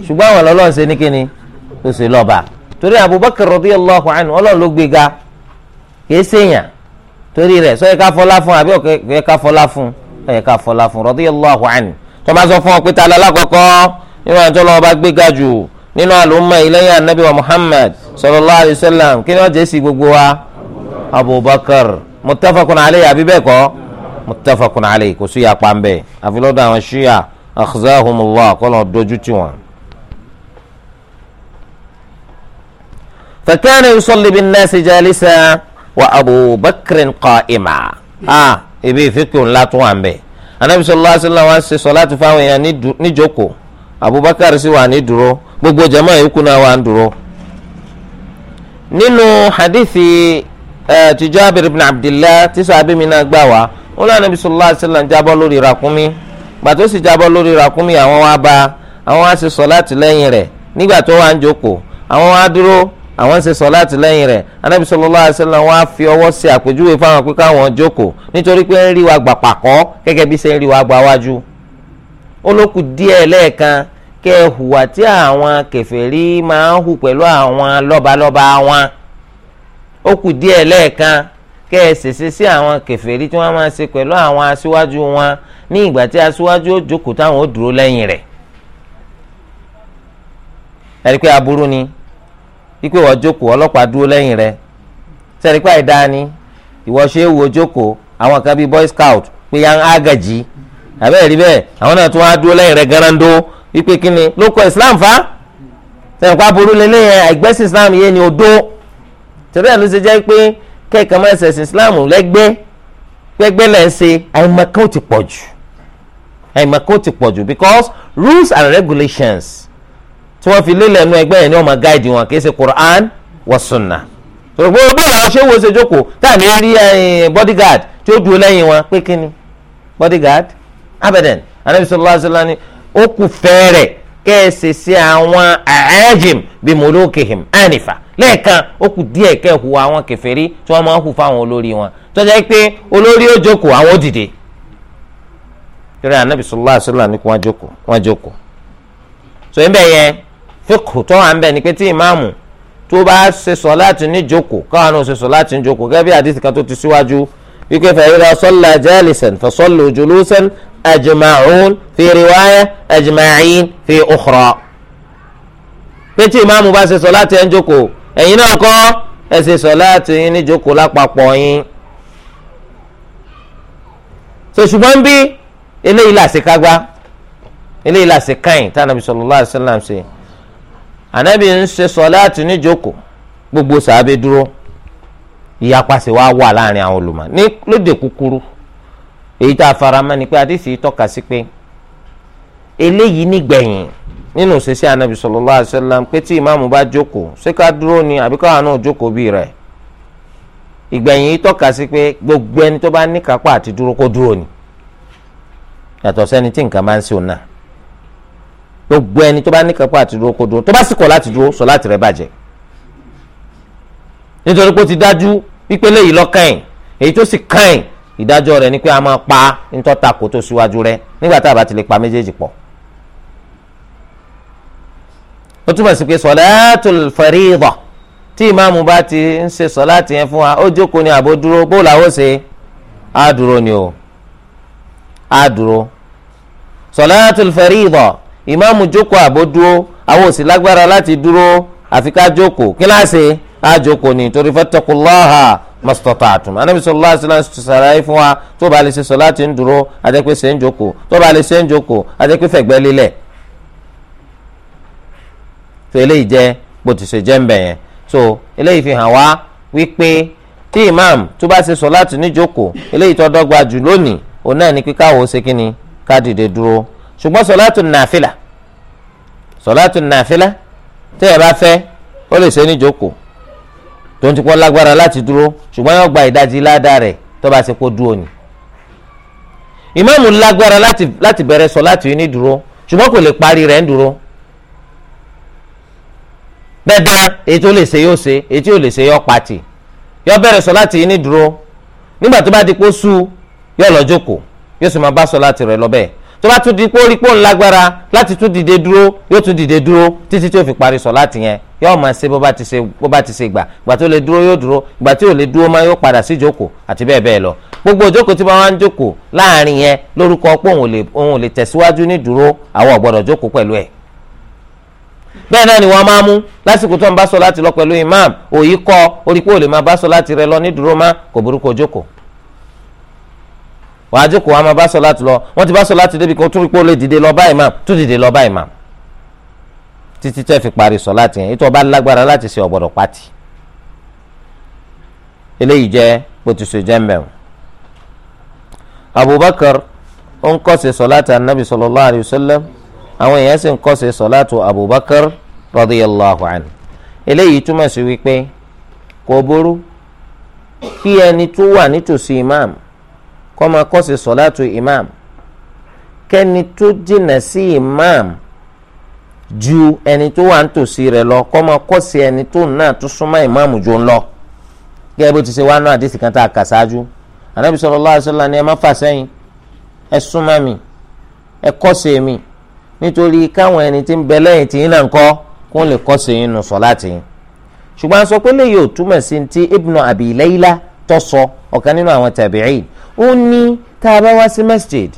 ṣùgbọ́n àwọn ọlọ́run ṣe ní kíni tó ṣe lọ́ba torí Abubakar radiyallahu anhu ọlọ́run ló gbéga kìí ṣèyàn torí rẹ̀ sọ yẹ ká fọlá fún àbí ọ̀kẹ́ ká fọlá fún ọ̀yẹ ká fọlá fún radiyallahu anhu tó bá sọ fún ọ pé nínú àlùmọ́ ìlẹ́yìn anabi wa muhammad sallallahu alayhi wa sallam kí ni wọ́n jẹ́ sí gbogbo wa abubakar muttafaqun alayhi àbí bẹ́ẹ̀ kọ́ muttafaqun alayhi kò sí yapa ń bẹ̀ àfi lọ́dọ̀ àwọn ṣíà akhzahumullah kọ́lọ́ dojú tì wọ́n. fakana yusalli bin nasi jalisa wa abubakar qa'ima a ibi ìfikùn ńlá tún wà ń bẹ̀ anabi sallallahu alayhi wa sallam wa gbogbo jama yòókù náà wà ń dúró nínú hadithi ti Jabir ibn Abdillah tí sọ abimi náà gbà wá ó lọ Ànábì sallallahu alaihi wasallam jábọ́ lórí ràkúnmí gbàtó sì jábọ́ lórí ràkúnmí àwọn wá bá àwọn wá ṣe sọ̀láàtì lẹ́yìn rẹ̀ nígbà tó wà ń jókòó àwọn wá dúró àwọn ṣe sọ̀láàtì lẹ́yìn rẹ̀ Ànábì sallallahu alaihi wasallam wá fi ọwọ́ sí àpèjúwe fáwọn pé káwọn jókòó nítorí pé ń rí wa gbà pàkọ́ gẹ́gẹ́ bí ṣe ń rí wa gbà wájú ó lókù díẹ̀ lẹ́ẹ̀kan kẹ́ ẹ hùwà tí àwọn kèfèrí máa ń hù pẹ̀lú àwọn lọ́balọ́ba wọn ó kù díẹ̀ lẹ́ẹ̀kan kẹ́ ẹ ṣèṣe sí àwọn kèfèrí tí wọ́n máa ṣe pẹ̀lú àwọn aṣíwájú wọn ní ìgbà tí aṣíwájú ó jókòó táwọn ó dúró lẹ́yìn rẹ̀ ẹ̀rí pé aburú ni wípé wọ́n jókòó ọlọ́pàá dúró lẹ́yìn rẹ̀ sẹ́rí pé àìdáa ni ìwọ ṣe é wo jókòó àwọn kan bíi boy scout pé yan ágàjì àbẹ́ẹ̀rí bẹ́ẹ̀ àwọn náà tún wá dúró lẹ́yìn rẹ̀ garando ìpè kínní ló kọ islam fa sẹ̀ǹkọ́ aburú lélẹ̀ yẹn àìgbẹ́sìn islam yé ni odó tẹ̀lé ẹ̀ ló ṣe jẹ́ pé kẹ́kọ̀ọ́ máa ṣẹ̀sìn islam lẹ́gbẹ́ gbẹ́gbẹ́ lẹ̀ ń ṣe àìmọ̀kan ò ti pọ̀ jù àìmọ̀kan ò ti pọ̀ jù because rules and regulations tí wọ́n fi lélẹ̀ nu ẹgbẹ́ yẹn ni wọ́n máa guide wọn kì í ṣe Quran wa sunnah tòrò pé bóyá àwọn ṣé wo ṣe jókòó tá à ní rí eh, bodyguard tí ó dúró lẹ́yìn wọn pé kí ni bodyguard abadan anabi sallallahu alaihi wasallam ó kù fẹ́ẹ̀rẹ̀ kẹ́ ẹ ṣe sí àwọn àẹ́jìm bí mọ̀lókèhìm ànífà lẹ́ẹ̀kan ó kù díẹ̀ kẹ́ ẹ hùwà àwọn kèfèrí tí wọ́n máa ń hù fáwọn olórí wọn tó jẹ́ pé olórí ó jókòó àwọn ó dìde torí anabi sallallahu alaihi wasallam ní kí wọ́n jókòó wọ́n jókòó so ń bẹ̀ yẹn fíkù tó wà ń bẹ̀ ni pé tí ìmáàmù tó bá ṣe sọ̀láàtì ní jókòó káwọn náà ṣe sọ̀láàtì ní jókòó gẹ́gẹ́ bí àdìsí kan tó ti síwájú wípé fa idha salla jalisan fa sallu julusan ajma'un fi riwaya ajma'in fi ukhra. pété ìmáàmù bá ṣe sọ̀láàtì ẹ̀ ń jókòó ẹ̀yin náà kọ́ ẹ ṣe sọ̀láàtì yín ní jókòó lápapọ̀ yín. so ṣùgbọ́n bí eléyìí làṣekágbá eléyìí làṣekáyìn tí anabi sallallahu alaihi wasallam ṣe anabi ń ṣe sọ̀láàtì ní jókòó gbogbo sàábé dúró ìyapa sì wá wà láàrin àwọn olùmọ̀ ní lóde kúkúrú èyí tá a faramọ́ ni pé àdìsí tọ́ka sí pé eléyìí nígbẹ̀yìn nínú ṣẹṣẹ anabi sallallahu alaihi wasallam pé tí ìmáàmù bá jókòó ṣé ká dúró ni àbí káwọn náà jókòó bí rẹ̀ ìgbẹ̀yìn yìí tọ́ka sí pé gbogbo ẹni tó bá ní kápá àti dúró kó dúró ni yàtọ̀ sẹ́ni tí nǹkan máa ń ṣe òun náà gbogbo ẹni tó bá ní kápá àti dúró kó dúró tó bá sì kọ̀ láti dúró sọ láti rẹ̀ bàjẹ́ nítorí pé ó ti dájú wípé léyìí lọ́kàn èyí tó sì kàn ẹ̀ ìdájọ́ rẹ̀ ni pé a máa pa ntọ́ta kò tó síwájú rẹ̀ nígbà tá a bá ti lè pa méjèèjì pọ̀. ó túmọ̀ sí pé sọ̀láàtù fẹ̀ríìdọ̀ tí ìmáàmù bá ti ń ṣe sọ̀láàtì yẹn fún wa ó jókòó ni àbó dúró bó làwọ́ ṣe á dúró ni o á dúró. sọ̀láàtù fẹ̀ríìdọ̀ ìmáàmù jókòó àbó dúró àwọn lágbára láti dúró àfi kíláàsì á jókòó ni torí fattaqullaha mastata'tum anabi sallallahu alaihi wasallam sàlàyé fún wa tó bá lè ṣe sọláàtì ń dúró àjẹpẹ́ ṣe ń jókòó tó bá lè ṣe ń jókòó àjẹpẹ́ fẹ̀gbẹ́ lélẹ̀ tó eléyìí jẹ́ bó ti ṣe jẹ́ ń bẹ̀ yẹn tó eléyìí fi hàn wá wípé tí imam tó bá ṣe sọláàtì ní jókòó eléyìí tó dọ́gba jù lónìí òun náà ní kíkàwọ́ ṣe kíni ká dìde dúró ṣùgbọ́n sọláàtù nàfìlà sọláàtù nàfìlà tẹ́ ẹ bá fẹ́ ó lè ṣe ní jókòó tó ń ti pọ́ lágbára láti dúró ṣùgbọ́n yóò gba ìdajì ládàá rẹ̀ tó bá ṣe kó dúró ni. ìmáàmù lágbára láti bẹ̀rẹ̀ sọ láti ní dúró ṣùgbọ́n kò lè parí rẹ̀ ń dúró. dandan èyí tó lè ṣe yóò ṣe èyí tí yóò lè ṣe yóò pati yóò bẹ̀rẹ̀ sọ láti ní dúró nígbà tó bá di pé sú yóò lọ jókòó yóò sì máa bá sọ láti rẹ̀ lọ bẹ́ẹ̀ tó bá tún di pé ó rí pé láti tún dìde dúró yóò tún dìde dúró títí tí ó fi parí sọ láti yẹn yóò máa ṣe bó bá ti ṣe bó bá ti ṣe gbà gbà tó lè dúró yóò dúró gbà tí ò lè dúró máa yóò padà sí ìjókòó àti bẹ́ẹ̀ bẹ́ẹ̀ lọ gbogbo ìjókòó tí wọ́n wá ń jókòó láàrin yẹn lórúkọ pé òun ò lè tẹ̀síwájú ní dúró àwọn ò jókòó pẹ̀lú ẹ̀ bẹ́ẹ̀ náà ni wọ́n máa mú lásìkò tó ń bá sọ láti lọ pẹ̀lú imam òyì kọ́ orí pé ò lè máa bá sọ láti rẹ lọ ní dúró má kò burúkú ojókòó wàá jókòó wàá máa bá sọ láti lọ wọ́n ti bá sọ láti débi kan tó rí pé ó lè dìde lọ bá imam tó dìde lọ bá imam títí tẹ́ fi parí sọ láti yẹn ètò ọba lágbára láti ṣe ọ̀gbọ̀dọ̀ pati eléyìí jẹ́ pòtùsù jẹ́mbẹ̀m Abubakar ó ń kọ́sẹ̀ sọ̀láàtì anabi sallallahu alayhi wa sallam àwọn èèyàn sì ń kọ́sẹ̀ sọ̀láàtì Abubakar radiyallahu anhu eléyìí túmọ̀ sí wípé kò burú kí ẹni tó wà nítòsí imam kó máa kọ́sẹ̀ sọ̀láàtì imam kẹ́ni tó jìnnà sí imam ju ẹni tó wà nítòsí rẹ̀ lọ kọ́ máa kọ́sí ẹni tó náà tó súnmọ́ ìmáàmù jọ ń lọ gẹ́gẹ́ bó ti ṣe wá náà àdìsí kan tá a kà ṣáájú ànábì sallallahu alaihi wasallam ni ẹ má fà sẹ́yìn ẹ súnmọ́ mi ẹ kọ́sí mi nítorí káwọn ẹni tí ń bẹ lẹ́yìn tí yín náà ń kọ́ kó lè kọ́sí yín nù sọ́láàtì yín ṣùgbọ́n a sọ pé léyìí ò túmọ̀ sí ti ibnu abi layla tó sọ ọ̀kan nínú àwọn tabi'in ó ní tá a bá wá sí masjid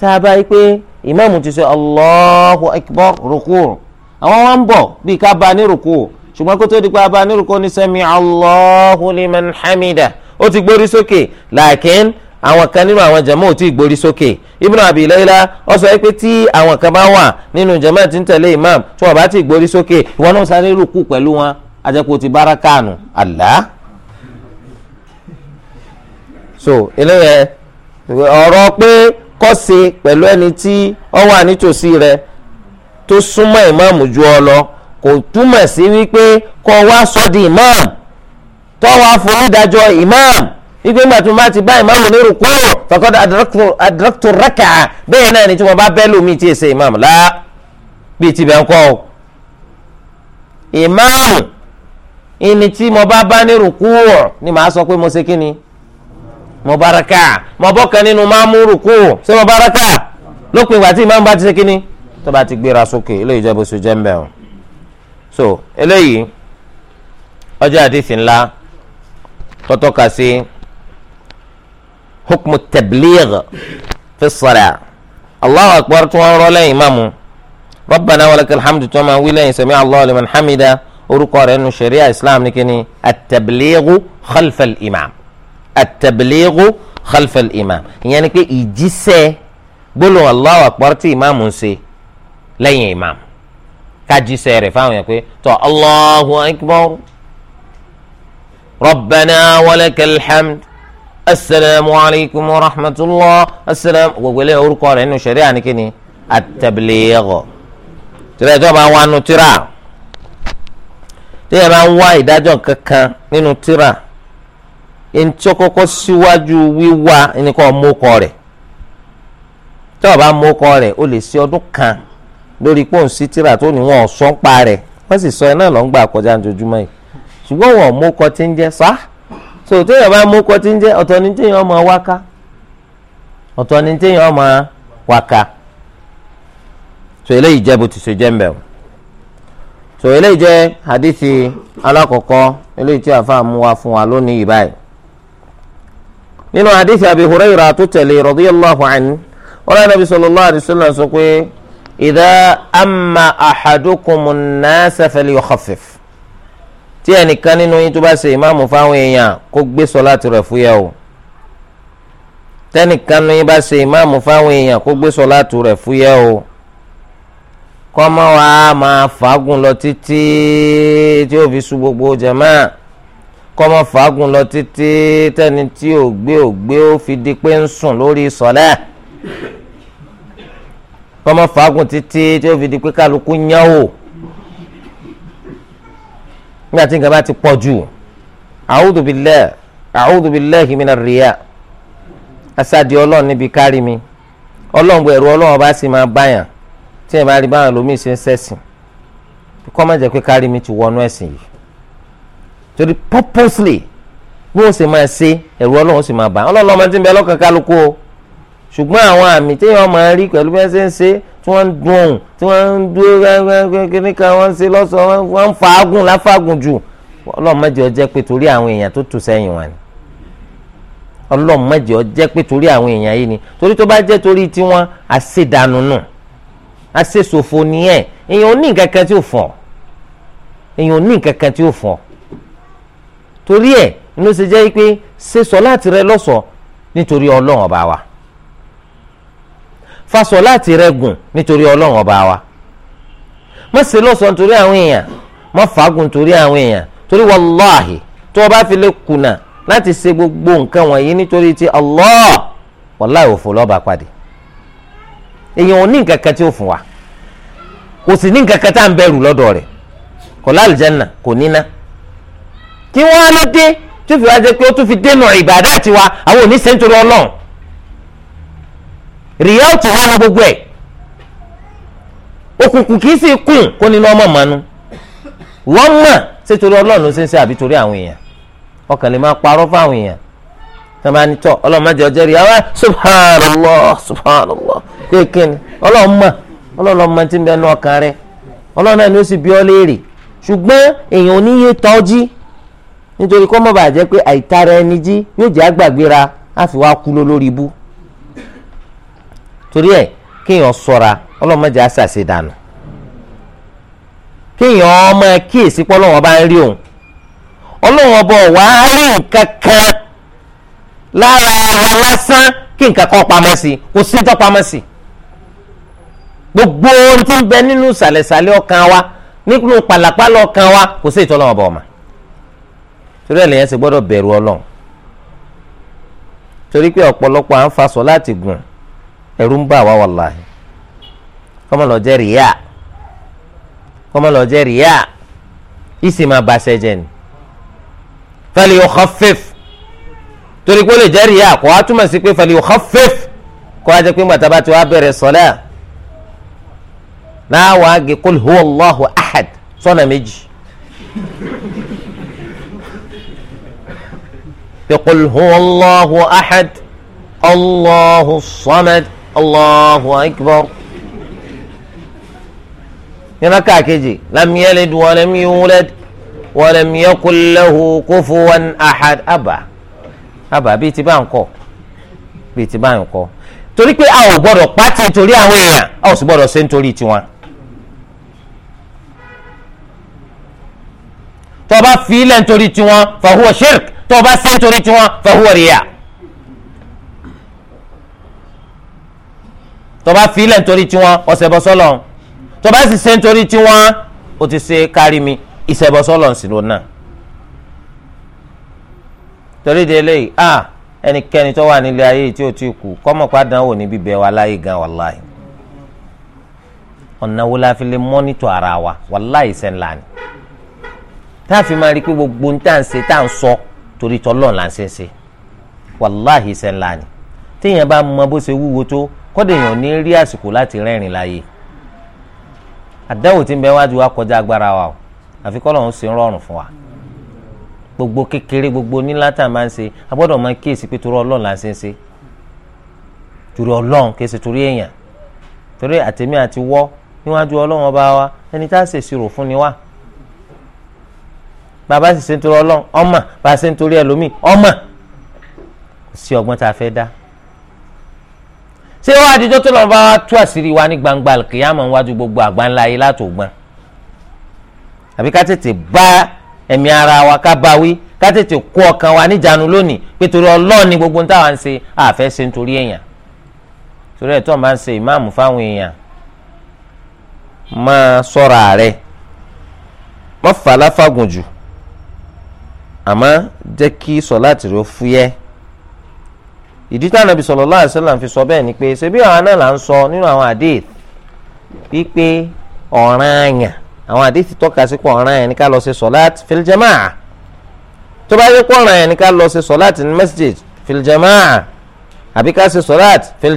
tá a bá rí pé ìmáàmù ti sọ Allahu Akbar rúkú àwọn wọn ń bọ̀ bí ká bá ní rúkú ṣùgbọ́n kó tó di pa bá ní rúkú ní sami Allahu liman hamida ó ti gbórí sókè làákín àwọn kan nínú àwọn jama ò tí ì gbórí sókè Ibn Abi Layla ó sọ pé tí àwọn kan bá wà nínú jama tí ń tẹ̀lé imam tí wọn bá ti gbórí sókè ìwọ náà sáré rúkú pẹ̀lú wọn ajẹ́pọ̀ ti bára kánù Allah so eléyẹ ọ̀rọ̀ pé kọ́ṣe pẹ̀lú ẹni tí ó wà nítòsí rẹ tó súnmọ́ ju ọ lọ kò túmọ̀ sí wípé kọ́ wá sọ di ìmáàmù tó wá forídàjọ ìmáàmù wípé ti bá ìmáàmù ní rúkú faqad adraktu raka bẹ́ẹ̀ náà ni tí mo bá bẹ́ẹ̀ lómi tí èsè ìmáàmù lá bíi ń kọ́ o ìní sọ pé mo ṣe mo bá raka mo bọ́ kan nínú máa mú rúkú ṣé mo bá raka lópin ìgbà tí ìmáàmù bá ti ṣe kínní tó bá ti gbéra sókè eléyìí jẹ́ bó ṣe jẹ́ mbẹ́ o so eléyìí ọjọ́ àdìsí ńlá tọ́tọ́ka sí hukmu tabligh fi salah allahu akbar tí wọ́n rọ́ lẹ́yìn ìmáàmù rabbana walakal hamdu tí máa wí lẹ́yìn sami allahu liman hamida orúkọ rẹ̀ nù sharia islam ní kínní at khalfal imam at-tablighu khalfa al-imam ìyẹn ni pé ìjísẹ́ gbólóhùn Allahu akbar tí ìmáàmù ń ṣe lẹ́yìn ìmáàmù kájísẹ́ rẹ̀ fáwọn yẹn pé tọ́ Allahu akbar rabbana walakal hamd asalaamu alaykum wa rahmatulah asalaam gbogbo eléyà orúkọ rẹ̀ nínú sariya ni kíni atabileeɣo tìrẹ tó bá wà nù tírà tí yẹ bá ń wá ìdájọ́ kankan nínú tírà ntí kọ́kọ́ síwájú wíwá ẹni kọ́ mọ́kọ rẹ̀ tí wọ́n bá mọ́kọ rẹ̀ ó lè ṣe ọdún kan lórí pọ́ǹsì tíra tó ní wọn sọ́n pa rẹ̀ wọ́n sì sọ ẹ náà lọ́n gbà kọjá ojoojúmọ́ yìí ṣùgbọ́n wọn mọ́kọ tí ń jẹ́ sá so téèyàn bá mọ́kọ tí ń jẹ́ ọ̀tọ̀ ni téèyàn ọmọ wáká ọ̀tọ̀ ni téèyàn ọmọ wáká so eléyìí jẹ́ bó ti ṣe jẹ́ ń bẹ̀rù so eléyìí jẹ́ hadithi alákọ̀ọ́kọ́ eléyìí tí àfa mú wa fún wa lónìí yìí nínú hadith abi hurayra tó tẹ̀lé radiyallahu anhu ọlọ́run nabi sallallahu alayhi wa sallam sọ pé idha amma ahadukumun nasa falyukhaffif tí ẹnìkan nínú yín tó bá ṣe ìmáàmù fáwọn èèyàn kó gbé sọláàtì rẹ̀ fúyẹ́ o tẹnìkan nínú yín bá ṣe ìmáàmù fáwọn èèyàn kó gbé sọláàtì rẹ̀ fúyẹ́ o kọ́mọ́ wa máa fàágùn lọ títí tí ó fi sú gbogbo jàmáà kọ́mọ fàágùn lọ títí tẹ́ni tí ò gbé ò gbé ó fi di pé ń sùn lórí sọ̀lẹ́ kọ́mọ fàágùn títí tí ó fi di pé kálukú yán o nígbà tí nǹkan bá ti pọ̀ jù a'udhu billahi a'udhu billahi minar riya asáde ọlọ́run níbi kárí mi ọlọ́run bọ̀ ẹ̀rù ọlọ́run bá sì máa báyàn tí ẹ̀ bá rí báyàn lómi ṣe ń sẹ́sìn kọ́mọ jẹ́ pé kárí mi ti wọnú ẹ̀sìn yìí torí purposely bó o sì máa ṣe ẹ̀rù ọlọ́run sì máa bà á ọlọ́run ọmọ tí ń bẹ lọ́kàn kálukú o ṣùgbọ́n àwọn àmì téèyàn máa rí pẹ̀lú bí wọ́n ṣe ń ṣe tí wọ́n ń dun ohùn tí wọ́n ń dúró kíníkà wọ́n ń ṣe lọ́sọ̀ọ́ wọ́n ń fàágùn láfàágùn jù ọlọ́run mẹ́jọ jẹ́ pé torí àwọn èèyàn tó tù sẹ́yìn wọn ni ọlọ́run mẹ́jọ jẹ́ pé torí àwọn èèyàn yìí ni torí tó bá jẹ́ torí tiwọn àṣedànù nù àṣeṣòfò nìyẹn èèyàn ò ní nǹkan kan tí ò fọ̀ èèyàn ò ní nǹkan kan tí ò fọ̀ torí ẹ̀ ló ṣe jẹ́ pé ṣe sọ̀láàtì rẹ lọ́ṣọ̀ọ́ nítorí ọlọ́run ọba wa fa sọ̀láàtì rẹ gùn nítorí ọlọ́run ọba wa má ṣe lọ́ṣọ̀ọ́ nítorí àwọn èèyàn má fàágùn nítorí àwọn èèyàn torí wàláhì tó o bá fi lè kùnà láti ṣe gbogbo nǹkan wọ̀nyí nítorí ti Allah wàláhì òfò lọ́ba padì èèyàn ò ní nǹkan kan tí ó fún wa kò sì ní nǹkan kan tá à ń bẹ̀rù lọ́dọ̀ rẹ̀ kò lálùjánnà kò níná kí wọ́n á ló dé tó fi wá jẹ́ pé ó tún fi dénú ìbàdà àti wa àwọn òní sẹ́ńtúrì ọlọ́run rìyá òtún wá gbogbo ẹ̀ òkùnkùn kì í sì kùn kó nínú ọmọ mọ́nu wọ́n mọ̀ sẹ́ńtúrì ọlọ́run ló ṣe ń ṣe àbí torí àwọn èèyàn ọkàn lè máa parọ́ fáwọn èèyàn tọ́mọ̀ni tọ́ ọlọ́mọdé ọjọ́ rí àwọn subhanallah subhanallah kéèkéèni ọlọ́mọ ọlọ́mọ tí ń bẹ ní ọkàn rẹ ọlọ́run náà ni ó sì bi ọ́ léèrè ṣùgbọ́n èèyàn ò tọ́jú nítorí kó mọ̀ bàjẹ́ pé àìtara ẹni jí yóò jẹ́ àgbàgbéra á fi wá kú lórí ibú torí ẹ̀ kéèyàn ṣọ́ra ọlọ́mọdé àṣàṣe dànù kéèyàn ọmọ kíyèsí pé ọlọ́wọ́n bá ń rí òun ọlọ́wọ́n bọ̀ wá rí nǹkan kan lára ara lásán kí nǹkan kan pamọ́ sí kò sí pamọ́ sí gbogbo ohun tí ń bẹ nínú ìsàlẹ̀sàlẹ̀ ọkàn wa nínú pàlàpàlà ọkàn wa kò sí ìtọ́lọ́wọ́n bọ̀ ọ̀ma torí ẹ̀ lèyẹn ṣe gbọ́dọ̀ bẹ̀rù ọlọ́run torí pé ọ̀pọ̀lọpọ̀ à ń fa sọ láti gùn ẹ̀rù ń bà wá wàláhì kọ́mọ lọ jẹ́ rìíyà kọ́mọ lọ jẹ́ rìíyà ìsì máa ba ṣẹ́jẹ̀ ni fẹ́lẹ́ yóò khaffif torí pé ó lè jẹ́ rìíyà kó wá túmọ̀ sí pé fẹ́lẹ́ yóò khaffif kó wá jẹ́ pé màtá bá ti wá bẹ̀rẹ̀ sọ́lá náà wàá gé kul huwa Allahu ahad sọ́nà méjì. يقول هو الله أحد الله الصمد الله أكبر ينكا كيجي لم يلد ولم يولد ولم يكن له كفوا أحد أبا أبا بيتي بانكو بيتي بانكو torí pé a ò gbọdọ̀ pátì nítorí àwọn èèyàn a ò sì gbọdọ̀ ṣe nítorí tiwọn. tó bá fi ilẹ̀ nítorí tiwọn fa huwa shirk tó o bá ṣe é torí tiwọn fa huwa riya tó o bá fi ilẹ̀ nítorí tiwọn ọ̀sẹ̀ bọ́ sọ́lọ̀ tó o bá sì ṣe nítorí tiwọn o ti ṣe kárí mi ìṣẹ̀bọ̀ sọ́lọ̀ ló náà torí de eléyìí ah ẹnikẹ́ni tó wà nílé ayé tí o ti kú kọ́mọ̀ pàdánwò níbi bẹ́ẹ̀ wà láyé gan wàláyé ọ̀nà wo la fi lè mọ́nítọ̀ ara wa wàláyé sẹ́ńlá ni táàfin máa rí i pé gbogbo ń tà ń ṣe tá ń sọ torí tọ́lọ́n là ń ṣe ń ṣe wàláhì iṣẹ́ ńlá ni téèyàn bá mọ bó ṣe wúwo tó kọ́dọ̀ èèyàn ní rí àsìkò láti rẹ́rìn láàyè àdáwò tí ń bẹ wájú wa kọjá agbára wa o àfi kọ́ lọ́run ṣe ń rọrùn fún wa gbogbo kékeré gbogbo nílátà máa ń ṣe a gbọ́dọ̀ máa kíyèsí pé torí ọlọ́run là ń ṣe ń ṣe torí ọlọ́run kìí ṣe torí èèyàn torí àtẹ̀mí àti wọ́ níwájú ọlọ́run ọba wa ẹni tá a ṣèṣirò fún ni wá bàbá sì ṣe ń torí ọlọ́run ọmọ bàbá ṣe ń torí ẹlòmíì ọmọ sí ọgbọ́n tá a fẹ́ dá ṣé wàá àdìjọ́ tó lọ́ọ́ bá wa tú àṣírí wa ní gbangba kìyàmọ̀ níwájú gbogbo àgbáńlá ayé látògbọ́n àbí ká tètè bá ẹ̀mí ara wa ká bá wí ká tètè kó ọkàn wa níjànú lónìí pé torí ọlọ́ọ̀ni gbogbo ní táwa ń ṣe àfẹ́ ṣe ń torí èèyàn torí ẹ̀ tó máa ń ṣe ìmáàmù fáwọn èèyàn máa sọ̀rọ̀ ààrẹ mọ́fàlá jù àmọ́ jẹ́ kí sọláàtì rẹ̀ fúyẹ́ ìdí tí Ànábì sallallahu alaihi wasallam fi sọ bẹ́ẹ̀ ni pé ṣebí àwọn náà là ń sọ nínú àwọn hadith wípé ọ̀ranyàn àwọn hadith tọ́ka sí pé ọ̀ranyàn ní ká lọ ṣe sọláàtì fil jamaa tó bá yẹ pé ọ̀ranyàn ní ká lọ ṣe sọláàtì ní masjid fil jamaa àbí ká ṣe sọláàtì fil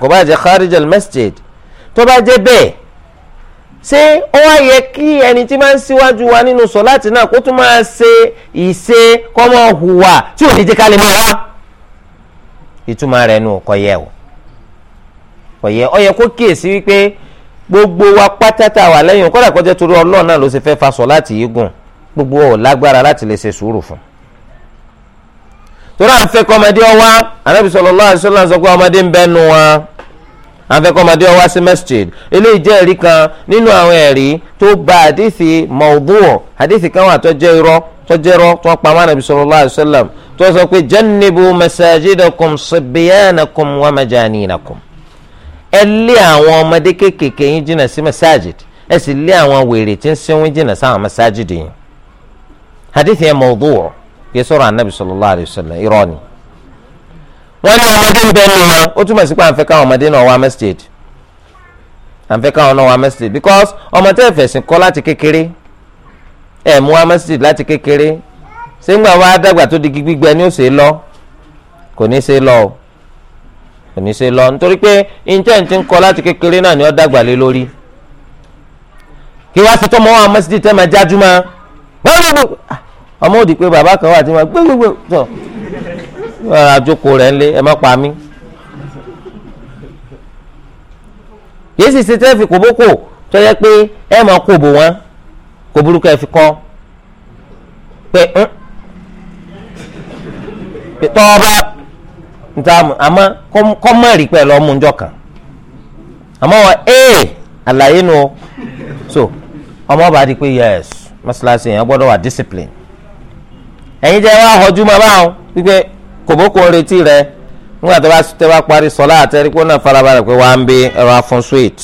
kò bá jẹ́ kharij al tó bá jẹ́ bẹ́ẹ̀ ṣé ó wá yẹ kí ẹni tí máa ń síwájú wa nínú sọ̀láàtì náà kó tún máa ṣe ìṣe kọ́mọ hùwà tí ò ní jẹ́ ká lè máa wá. ìtumọ̀ rẹ̀ nù kò yẹ o kò yẹ ọ yẹ kó kíyèsí wípé gbogbo wa pátátá wà lẹ́yìn kọ́dà kọjá torí ọlọ́run náà ló ṣe fẹ́ fa sọ̀láàtì yìí gùn gbogbo ò lágbára láti lè ṣe sùúrù fún. torí à ń fẹ́ kọ́mọdé ọwá anábìsọ̀lọ́lá àṣọ afẹ́kọ́mọdé ọwá sí masjid eléyìí jẹ́ ẹ̀rí kan nínú àwọn ẹ̀rí tó ba àdìsí mọ̀ọ́dúnwọ̀ àdìsí kan wà tó jẹ́ irọ́ tó jẹ́ irọ́ tó pa mọ́ Ànábì sallallahu alaihi wasallam tó sọ pé jannibu masajidakum sibyanakum wa majaninakum ẹ lé àwọn ọmọdé kéékèèké yín jìnnà sí masajid ẹ sì lé àwọn wèrè tí ń sinwín jìnnà sáwọn masajid yín àdìsí yẹn mọ̀ọ́dúnwọ̀ kì sọ̀rọ̀ Ànábì sallallahu alaihi wasallam irọ́ ni wọ́n ní ọmọdé ń bẹ otu wọn ó túmọ̀ sí pé à káwọn ọmọdé náà wá mẹ́sítẹ̀dì à káwọn náà wá mẹ́sítẹ̀dì because ọmọ tẹ́ fẹ̀sìn kọ́ láti kékeré ẹ̀ mú láti kékeré ṣé ń ni ó lọ kò lọ o kò ní ṣe lọ nítorí pé intent ń kọ́ láti kékeré náà ni ó dàgbà lé lórí kí wá sí tọmọ wa mẹ́sítẹ̀dì tẹ́ máa jájú máa gbẹ́gbẹ́gbẹ́ ah, ọmọ òdì pé bàbá kan wà tí wọ́n àjòkò rẹ̀ ń lé ẹ má pa mí. yìí sì ṣe tẹ́ fi kòbókò tó yẹ pé ẹ máa kó bò wọ́n kò burúkú ẹ fi kọ́ pé tọ́ ọ bá ntaamu àmọ́ kọ́mọ̀rì pẹ̀lú ọmú njọ́ kan àmọ́ wọ́n ee àlàyé nu o so ọmọ bá di pé yes mọ́ṣáláṣí yẹn gbọ́dọ̀ wà discipline ẹ̀yin jẹ́ wá ọ̀họ́jú máa bá wọn kòbókò retí rẹ nígbà tó bá tẹ bá parí sọlá àtẹrí pé ó náà farabalẹ̀ pé wàá ń bí ẹ̀rọ afún sweet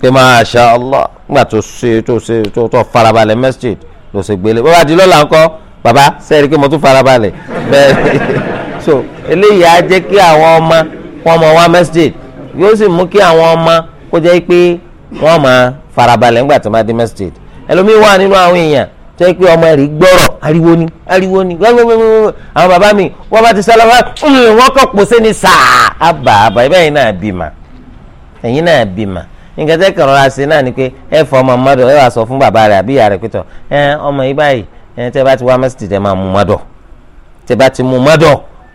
pé masha Allah nígbà tó ṣe tó ṣe tó tó farabalẹ̀ masjid ló ṣe gbélé bó bá di lọ́la ńkọ́ bàbá sẹ́ẹ̀rí pé mo tún farabalẹ̀ bẹ́ẹ̀ so eléyìí á jẹ́ kí àwọn ọmọ wọn mọ wá masjid yóò sì mú kí àwọn ọmọ kó jẹ́ pé wọ́n máa farabalẹ̀ nígbà tó máa di masjid tó yẹ pé ọmọ rẹ̀ gbọ́rọ̀ ariwo ni ariwo ni gbẹgbẹgbẹgbẹ àwọn bàbá mi wọ́n bá ti sálábà hmm, wọ́n kàn pọ̀ sí ni sàá àbà àbà ibà yìí náà bìmà ẹ̀yin náà bìmà nǹkan tẹ́ kàn rọra sí náà ni pé ẹ fọ ọmọ mọ́dọ̀ ẹ wà sọ fún bàbá rẹ̀ àbí ìyá rẹ̀ pẹ̀tọ̀ ẹ ọmọ yìí báyìí ẹ tẹ́ bá ti wá mẹ́sìtì tẹ́ máa mú mọ́dọ̀ tẹ́ bá ti mú mọ́dọ̀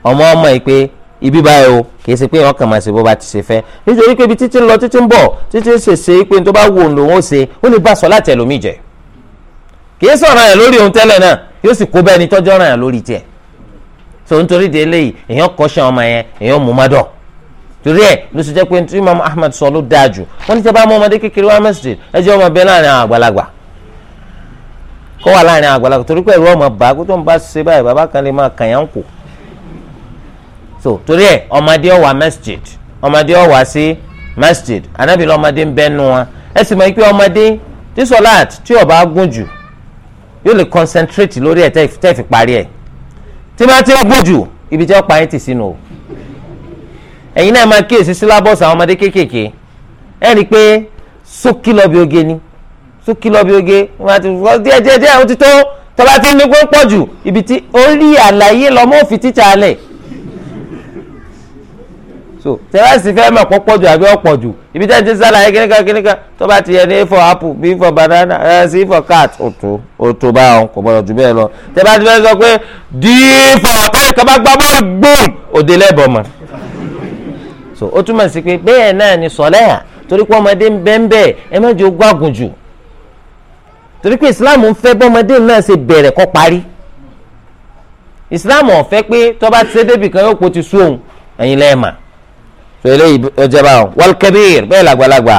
ọmọ ọmọ yìí pé ibi báyìí o kìí ṣe pé wọn kàn máa ṣe bó bá ti ṣe fẹ́ nítorí pé ibi títí ń lọ títí ń bọ̀ títí ń ṣèṣe pé ní tó bá wù òun lòun ó ṣe ó lè bá sọ láti ẹlòmíì jẹ́ kì í sọ̀rọ̀ yẹn lórí òun tẹ́lẹ̀ náà yóò sì kó bẹ́ẹ̀ ni tọ́jú ọ̀ràn lórí tiẹ̀ so nítorí de eléyìí èèyàn kọ́ṣẹ́ ọmọ yẹn èèyàn mú torí ẹ̀ ló imam ahmed sọ ló dáa jù wọ́n ní tẹ́ ọmọdé kékeré wá masjid ẹ jẹ́ ọmọ bẹ́ẹ̀ láàrin àgbàlagbà torí pé ọmọ bá kó tó ń bá ṣe so torí ẹ̀ ọmọdé ọmọdé sí anábìlẹ̀ ọmọdé ń bẹ́ẹ̀ wọn ẹ yóò lè concentrate lórí ẹ̀ tẹ́ fi parí ẹ̀ tí máa ti ọgbọ́n jù ibi tí wọ́n pa yín ti sínú o ẹ̀yin náà máa kíyèsí sílábọ̀sì àwọn ọmọdé kéékèèké ẹ̀ rí i pé sókí lọ bí oge ni sókí lọ bí oge wọ́n á ti fọ́ díẹ̀ díẹ̀ díẹ̀ ó ti tó tọ́ba ti ní kó pọ̀ jù ibi tí orí àlàyé lọ́mọ́ òfin títà alẹ̀ so sẹ́wáìsì fẹ́ mọ̀ pọ́ pọ̀jù àbí ọ̀pọ̀jù ibi tẹ́ ń ti sálàyé kíníkan kíníkan tó bá ti yẹ ní for apple b for banana ẹ c for cat òtò òtò bá wọn kò gbọdọ̀ jù bẹ́ẹ̀ lọ tẹ́ bá ti fẹ́ sọ pé d for ẹ tó bá gbá bọ́ọ̀lù gbòm òde lẹ́bọ̀ mọ́ so ó túmọ̀ sí pé bẹ́ẹ̀ náà ni sọ̀lẹ́yà torí pé ọmọdé ń bẹ́ẹ̀ bẹ́ẹ̀ ẹ má jẹ́ ogún àgùn jù torí pé islam islam ò fẹ́ pé tó bá ti ṣe débì kan yóò po ẹ̀yin lẹ́ẹ̀ tẹ̀lé ìjọba ọ̀hún wọ́lkẹ́bíir bẹ́ẹ̀ làgbàlagbà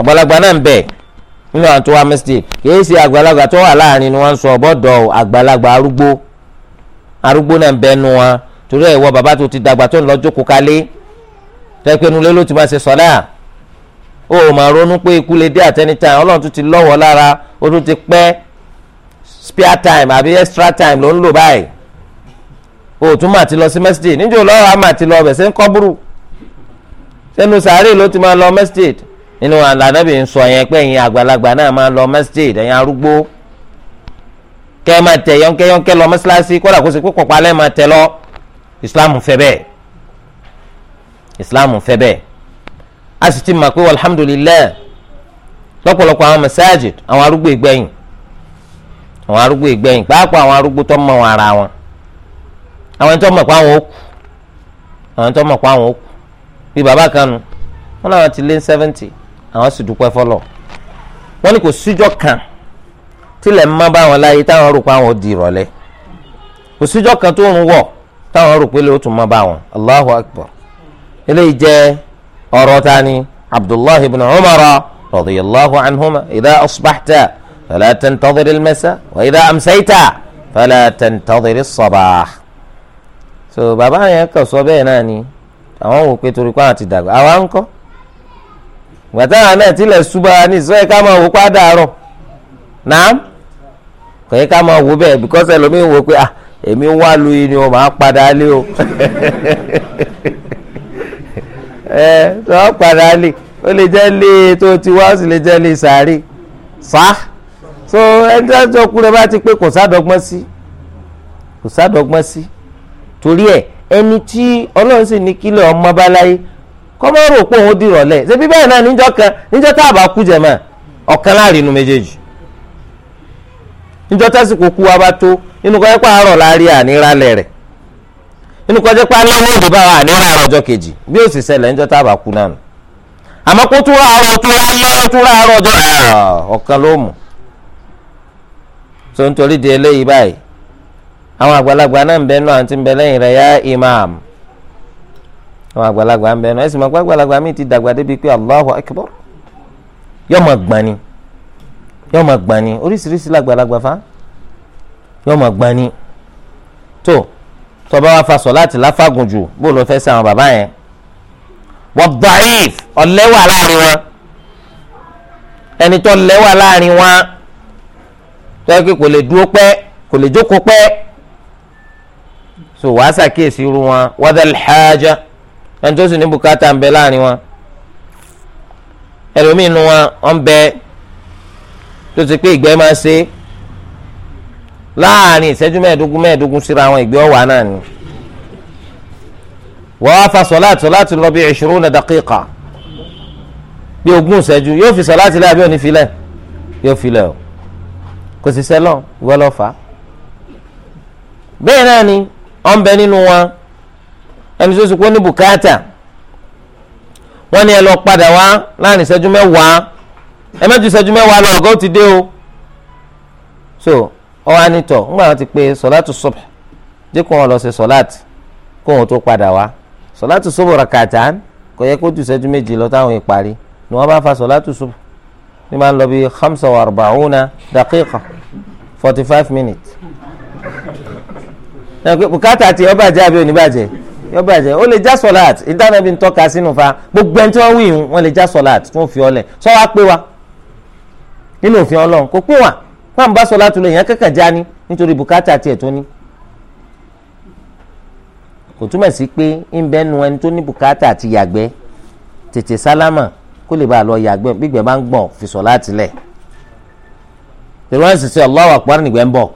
àgbàlagbà náà ń bẹ̀ nínú àwọn tó wá mẹ́sítì kìí ṣe àgbàlagbà tó wà láàrin ni sọ ọ̀bọ̀dọ̀ àgbàlagbà arúgbó arúgbó náà ń nu wọn torí bàbá tó ti dàgbà tó ń lọ jókòó lé ló ti ṣe ó ronú pé ikú lè dé ti lára ó tún ti spare time àbí extra time ló ń lò báyìí mà ti lọ sí lọ́wọ́ àmà sẹ́nu sàárè ló ti máa lọ masjid nínú àlànàbì ń sọ yẹn pé ẹ̀yin àgbàlagbà náà máa lọ ma lọ arúgbó kẹ́ máa tẹ̀ lọ mọ́sálásí kódà kó sì pé lọ islam fẹ́ bẹ́ẹ̀ islam fẹ́ bẹ́ẹ̀ a sì ti mọ̀ pé alhamdulilayi lọ́pọ̀lọpọ̀ àwọn masajid àwọn arúgbó àwọn arúgbó pàápàá àwọn arúgbó tó ara wọn àwọn bíi bàbá kan nu wọn làwọn ti lé seventy àwọn sì dúpẹ́ fọlọ́ wọn ní kò síjọ́ kan tilẹ̀ ń má bá wọn láyé táwọn rò pé àwọn ò di ìrọ̀lẹ́ kò síjọ́ kan tó ń wọ̀ táwọn rò pé lè ó tún má bá wọn allahu akbar eléyìí jẹ́ ọ̀rọ̀ ta ni abdullahi ibn umar radiyallahu anhuma idha asbahta fala tantadhir al-masa wa idha amsayta fala tantadhir so bàbá yẹn kàn sọ bẹ́ẹ̀ náà ni àwọn wò pé torí pé àwọn ti dàgbà àwa ń kọ́ gbàtà àwọn náà tilẹ̀ súbára ní ìsọ́ ká máa wò pé àdàárọ̀ náà kò ká máa wò bẹ́ẹ̀ because ẹlòmíín wò pé ah èmi wá lu yìí o máa padà lé o ẹ tó wá padà lé ó lè jẹ́ lé tó ti wá ó sì lè jẹ́ lé sàárè sá so ẹni tó ń jọ kúrẹ́ bá ti pé kò sádọ́gbọ́n sí kò sádọ́gbọ́n sí torí ẹ̀ ẹni tí ọlọ́run sì ní kílẹ̀ ọmọ bá kọ́ máa rò pé òun dìrọ̀lẹ́ ṣe bí bẹ́ẹ̀ náà níjọ́ kan níjọ́ tá a bá kú jẹ̀ ọ̀kan láàrin inú méjèèjì níjọ́ tásìkò kú wa bá tó inú pé àárọ̀ láàrin rẹ̀ inú pé bá wa bí ó sì ṣẹlẹ̀ níjọ́ tá a bá kú àmọ́ kó tún ah, so nítorí di eléyìí báyìí àwọn àgbàlagbà náà ń bẹ nù àti ń bẹ lẹ́yìn rẹ̀ yá imam àwọn àgbàlagbà ń bẹ nù ẹ̀sìn mọ̀pá àgbàlagbà mi ti dàgbà débi pé Allahu akbar yọmọ gbani yọmọ gbani oríṣiríṣi làgbàlagbà fa yọmọ gbani tó tọba wa fa sọ láti láfàgùn jù bó ló fẹ́ sẹ́ àwọn bàbá yẹn wọ́n da'if ọ̀lẹ́wà láàrin wọn ẹni tó lẹ́wà láàrin wọn tó yẹ kí lè dúró pẹ́ kò lè jókòó pẹ́ so wàá ṣàkíyèsí irú wọn wadal haja ẹni tó sì ní bùkátà ń bẹ láàrin wọn ẹlòmíì nu wọn ọ̀n bẹ tó ti pé ìgbẹ́ máa ṣe láàrin ìṣẹ́jú mẹ́ẹ̀ẹ́dógún mẹ́ẹ̀ẹ́dógún síra àwọn ìgbẹ́ ọ̀wà náà ni wọ́n á fa sọ̀láàtì láti lọ bí ishiruna daqiqa bí ogún ìṣẹ́jú yóò fi sọ̀láàtì lẹ́yìn òní filẹ̀ yóò filẹ̀ o kò sì sẹ́lọ̀ ìwọ́ lọ́ọ́ fà bẹ́ẹ̀ náà ni ọ̀n bẹ nínú wọn ẹni tó sì kó ní bùkátà wọ́n ní ẹ lọ padà wá láàrin ìṣẹ́jú mẹ́wàá ẹ mẹ́jú ìṣẹ́jú mẹ́wàá lọ ọ̀gá ó ti dé o so ọwọ́ anitọ̀ ńgbà wọn ti pé sọ̀láàtù sọ̀bù dípò wọn lọ ṣe sọ̀láàtì kó wọn tó padà wá sọ̀láàtù sọ̀bù ràkàtà kò yẹ kó ju ìṣẹ́jú méjì lọ táwọn ìparí ni wọ́n bá fa sọ̀láàtù sọ̀bù ní máa ń lọ bí hamsa wa arba'una daqiqa forty five minutes bùkátà tí ọba jẹ́ àbí oníbàjẹ́ yọba jẹ o lè já sọláàt ìdáná bí n tọ́ka sínú fa gbogbo ẹni tí wọ́n wí yìí lè já sọláàt fún òfin ọlẹ̀ sọ wá pé wa nínú òfin ọlọ́run kò pé wa fáwọn bá sọláàt lò yẹn kẹ̀kẹ́ já ní nítorí bùkátà tiẹ̀ tó ní kò túmọ̀ sí pé ń bẹ́ nu ẹni tó ní bùkátà àti yàgbẹ́ tètè sálámà kó lè bá a lọ yàgbẹ́ gbígbẹ́ bá ń gbọ̀n fi sọláàt lẹ̀ tèrè wọ́n sì sẹ́ Allahu Akbar ń bọ̀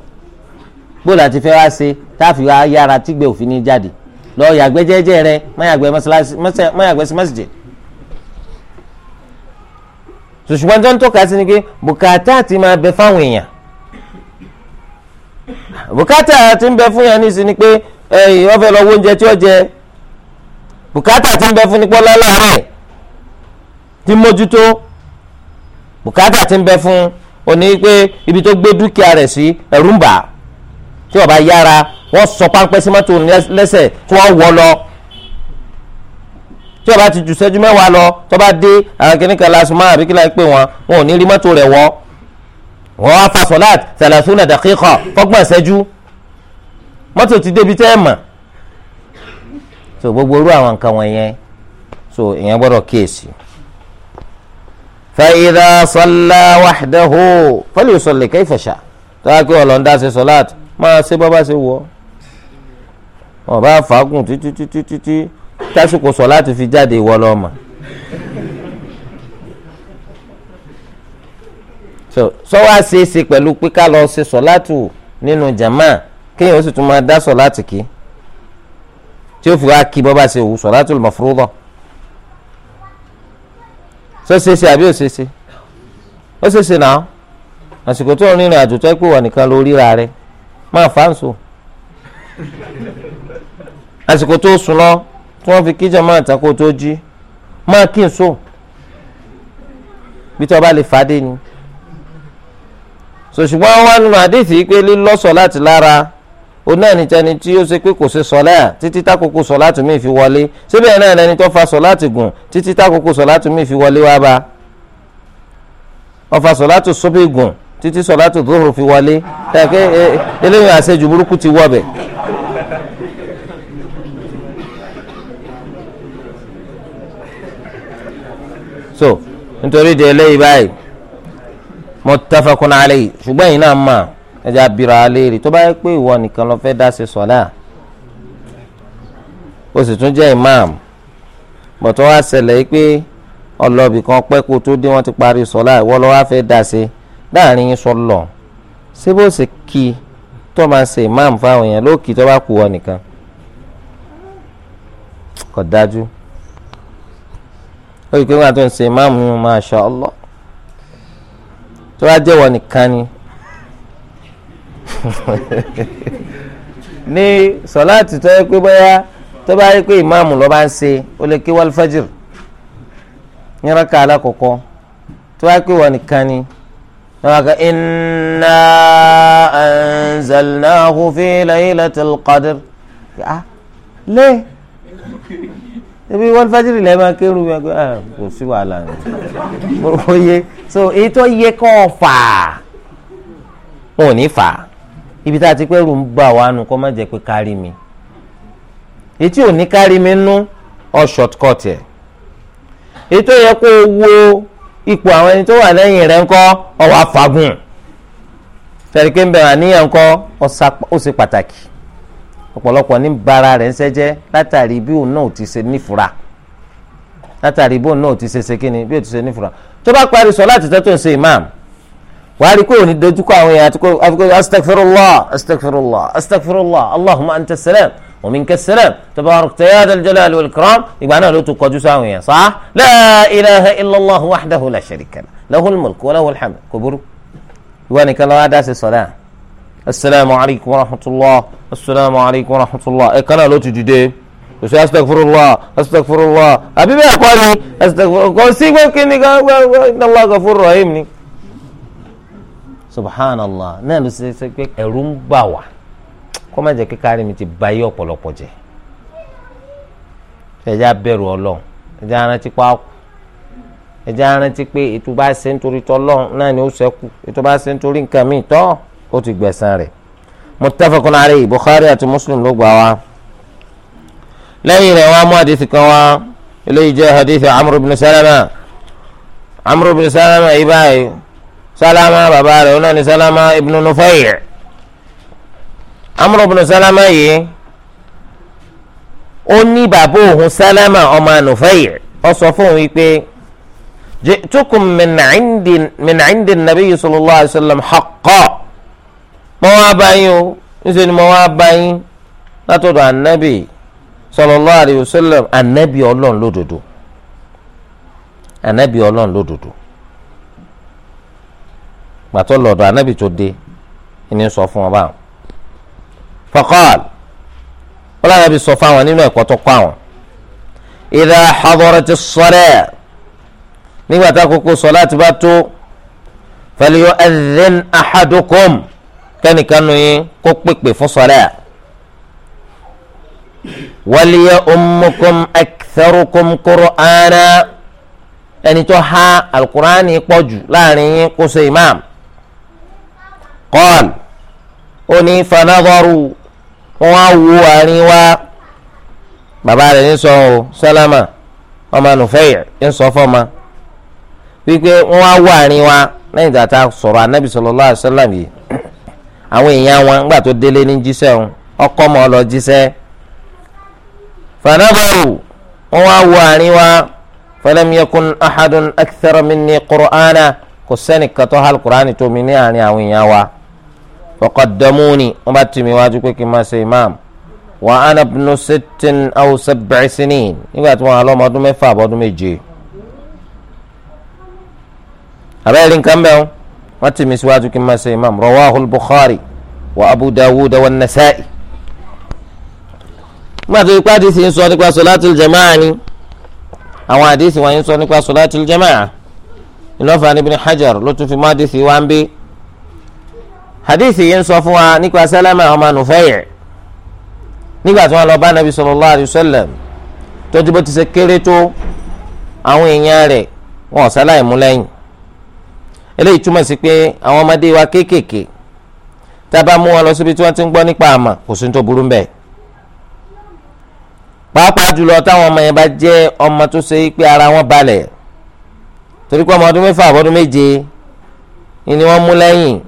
bóòlù àti fẹ́ wá ṣe táàfì wá yára tígbẹ́ òfin ní jáde lọ yàgbẹ́ jẹ́jẹ́ rẹ mayàgbẹ́ sí masjid. ṣùṣùgbọ́n tó ń tọ́ka sí ni pé bùkátà ti máa bẹ fáwọn èèyàn bùkátà ti ń bẹ fún yàn nísìnyí pé wọ́n fẹ́ lọ wo oúnjẹ tí ó jẹ bùkátà ti ń bẹ fún nípọ́ lálàárẹ̀ ti mójútó bùkátà ti ń bẹ fún òní pé ibi tó gbé dúkìá rẹ̀ sí ẹ̀rú ń tí wọ́n bá yára wọ́n sọ páńpẹ́ sí mọ́tò lẹ́sẹ̀ tí wọ́n wọ́ lọ tí wọ́n bá ti jù sẹ́jú mẹ́wàá lọ tó bá dé àwọn kìnnìkan lásùmọ́ àbí pé wọn wọn ò ní rí mọ́tò rẹ̀ wọ́ wọ́n wá fa sọ̀láàt sàlàsúnà dàkíkọ̀ fọ́gbọ̀n sẹ́jú mọ́tò ti débi tẹ́ ẹ̀ mọ̀ so gbogbo irú àwọn nǹkan wọ̀nyẹn so ìyẹn gbọ́dọ̀ kíyèsí. فإذا صلى وحده فليصلي كيف شاء tó wá pé ọ̀lọ́ńdá máa ṣe bọ́ bá ṣe wọ̀ ọ̀ bá fàágùn títí títí títí tásìkò sọ láti fi jáde ìwọ lọ́mọ. sọ́wọ́ àṣeéṣe pẹ̀lú pé ká lọ ṣe sọ látù nínú jama kéèyàn ó sì tún máa dá sọ láti kí tí ó fi wá kí bọ́ bá ṣe wù sọ látù mafruḍa sọ ṣeéṣe àbí ò ṣeéṣe ó ṣeéṣe náà àsìkò tó ń rìnrìn àjò tó ẹ pé wà nìkan lórí ra rẹ máa fà ń so àsìkò tó sùn lọ tí wọ́n fi kíjà máa tako tó jí máa kí n so bí tí wọ́n bá lè fàdé ni so ṣùgbọ́n wọ́n wá nínú àdéhìí pé lílọ́sọ̀ láti lára onáà ní tẹni tí ó ṣe pé kò ṣe sọlá títí tákòókò sọlá tó mí fi wọlé síbẹ̀ náà lẹni tó fa sọlá tó gùn títí tákòókò sọlá tó mí fi wọlé wá bá ó fa sọlá tó sóbì gùn títí sọ̀látù dúhùrù fi wọlé tẹ̀kẹ́ eléyìí àṣejù burúkú ti wọ̀bẹ̀. so nítorí di eléyìí báyìí muttafaqun alayhi ṣùgbọ́n yìí náà mà ẹja bìrọ̀ alẹ́ rí tó bá yẹ pé ìwọ nìkan ló fẹ́ dá ṣe sọ̀lá o sì tún jẹ́ imam bọ̀tọ́ wá ṣẹlẹ̀ yìí pé ọlọ́ọ̀bì kan pẹ́ kó tó dé wọ́n ti parí sọ̀lá ìwọ ló wá fẹ́ dá ṣe láàrin yín sọlọ ṣé bó ṣe kí tó máa ṣe imam fáwọn èèyàn lókì tó bá kú ọ nìkan kò dájú ó yìí pé wọn àti ń ṣe imam yín masha Allah tó bá jẹ́wọ́ nìkan ni ní sọláàtì tó yẹ pé bóyá tó bá yẹ pé imam ló bá ń ṣe ó lè kí wal fajr ní rákà alákọ̀ọ́kọ́ tó bá yẹ pé wọn nìkan ni nàkà inna anzalnahu fi laylatil qadr ah lé ebi wọn fajiri lẹ máa kéwòn mi ah kò sí wàhálà rẹ mo yé so èyí tó yẹ kọ́ fà wọn ò ní fà ibi tá a ti pẹ́ rò ń gbà wá nu kọ́ má jẹ́ pé kárí mi èyí tí ò ní kárí mi nú ọ̀ short cut ẹ̀ èyí tó yẹ kó wo ipò àwọn ẹni tó wà lẹ́yìn rẹ̀ ńkọ́ ọwọ́ afagun tẹ̀lékè ń bẹ̀rẹ̀ àníyàn ńkọ́ ó ṣe pàtàkì ọ̀pọ̀lọpọ̀ ní bara rẹ̀ ń ṣẹ́jẹ́ látàrí bí òun náà ti ṣe nífura látàrí bí òun náà ti ṣe ṣe kíni bí òun ti ṣe nífura tó bá parí sọ láti tẹ́tọ̀ ń ṣe imam wàá rí kó o ní dojúkọ àwọn èèyàn àti kó o astaghfirullah astaghfirullah allahumma anta salam ومنك السلام تبارك يا ذا الجلال والإكرام يبقى أنا لو تقاجو ساوية صح لا إله إلا الله وحده لا شريك له له الملك وله الحمد كبروا وأنا كلا داس الصلاة السلام عليكم ورحمة الله السلام عليكم ورحمة الله إيه كان لو تجد أستغفر الله أستغفر الله أبي بي أخواني أستغفر astagfurullah kò ممكن إن الله غفور gafur سبحان الله subhanallah náà ló kó má jẹ́ kí kárí mi ti ba yí ọ̀pọ̀lọpọ̀ jẹ́ ẹjẹ́ abẹ̀rù ọlọ́run ẹjẹ́ arántí pa ọkù ẹjẹ́ arántí pé ètò bá ṣe nítorí tọ́lọ́run náà ni ó ṣẹ́kù ètò bá ṣe nítorí nǹkan míì tọ́ ó ti gbẹ̀san rẹ̀ muttafaqun alayhi Bukhari àti Muslim ló gbà wá lẹ́yìn rẹ̀ wọ́n á mú àdìsí kan wá eléyìí jẹ́ àdìsí Amr ibn Salama Amr ibn Salama yìí báyìí Salama bàbá rẹ̀ ó náà ní Salama ibn Nufay' amúrò bùnú sálámà yìí ó ní bàbá òun sálámà ọmọ ànùfẹ́yì ó sọ fún òun wípé ji'tukum min 'indi min 'indi nabiyyi sallallahu alayhi wa sallam haqqan mo wá bá yín o níṣẹ́ ni mo wá bá yín látọ̀dọ̀ ànábì sallallahu alayhi wa sallam ànábì ọlọ́run lódodo ànábì ọlọ́run lódodo gbàtọ́ lọ́dọ̀ ànábì tó dé ẹni sọ fún wọn báwọn faqal wọn làwọn bí sọ fáwọn nínú ẹ̀kọ́ tó kọ́ àwọn idha hadaratis salat nígbà tá àkókò sọláàtì bá tó falyu'adhdhin ahadukum kẹ́nìkan nù yín kó pèpè fún sọlá waliya'ummukum aktharukum qur'ana ẹni tó ha alukur'ani pọ̀jù láàrin yín kó ṣe imam qala ó ní fanagọ́rù wọ́n á wo àárín wa bàbá rẹ̀ ń sọ o sálámà ọmọ nùfẹ̀yẹ̀ ń sọ fọ́mọ wípé wọ́n á wo àárín wa lẹ́yìn tí a ta sọ̀rọ̀ anábì sallallahu alaihi wasallam yìí àwọn èèyàn wọn nígbà tó délé ní jíṣẹ́ òun ọkọ mọ́ ọ lọ jíṣẹ́ fanagọ́rù wọ́n á wo àárín wa falam ahadun akthara minni qur'ana kò sẹ́nìkan tó hàlùkùránì tó ní àárín àwọn èèyàn wa faqaddamuni wọ́n bá tì mí wájú pé kí n máa ṣe imam wa ana ibnu sittin aw sab'i sinin nígbà tí wọ́n á lọ́mọ ọdún mẹ́fà àbọ̀dún méje abẹ́rẹ́ nǹkan bẹ́ẹ̀ wọ́n tì mí síwájú kí n máa ṣe imam rawahul bukhari wa abu dawud wa nasa'i nígbà tó ipá àdìsí ń sọ nípa sọláàtì jamaa ni àwọn àdìsí wọn ń sọ nípa sọláàtì jamaa ìlọ́fà níbi ní hajar ló tún fi má àdìsí wá ń bí hadith yìí ń sọ fún wa nípa sálámà ọmọ nùfẹ́yẹ̀ nígbà tí wọ́n lọ bá nàbí sallallahu alayhi wa sallam tójú bó ti ṣe kéré tó àwọn èèyàn rẹ̀ wọn ò sáláì mú lẹ́yìn eléyìí túmọ̀ sí pé àwọn ọmọdé wa kéékèèké tá a bá mú wọn lọ síbi tí wọ́n ti ń gbọ́ nípa àmà kò sí tó burú bẹ́ẹ̀ pàápàá jùlọ táwọn ọmọ yẹn bá jẹ́ ọmọ tó ṣe pé ara wọn balẹ̀ torí pé ọmọ ọdún mẹ́fà ọdún méje ni wọ́n mú lẹ́yìn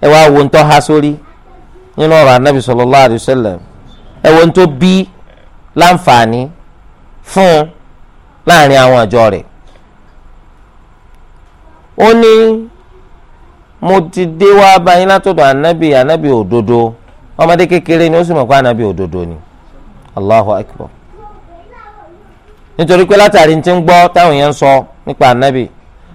ẹ wá wo ntọ́ ha sórí nínú ọ̀rọ̀ anabi sallallahu alayhi wa sallam ẹ wo ntọ́ bí láǹfààní fún láàrin àwọn àjọ rẹ̀ ó ní mo ti dé wá báyìí látọ̀dọ̀ anabi anabi òdodo ọmọdé kékeré ni ó sì mọ̀ pé anabi òdodo ni allahu akbar nítorí pé látàrí ti ń gbọ́ táwọn èèyàn ń sọ nípa anabi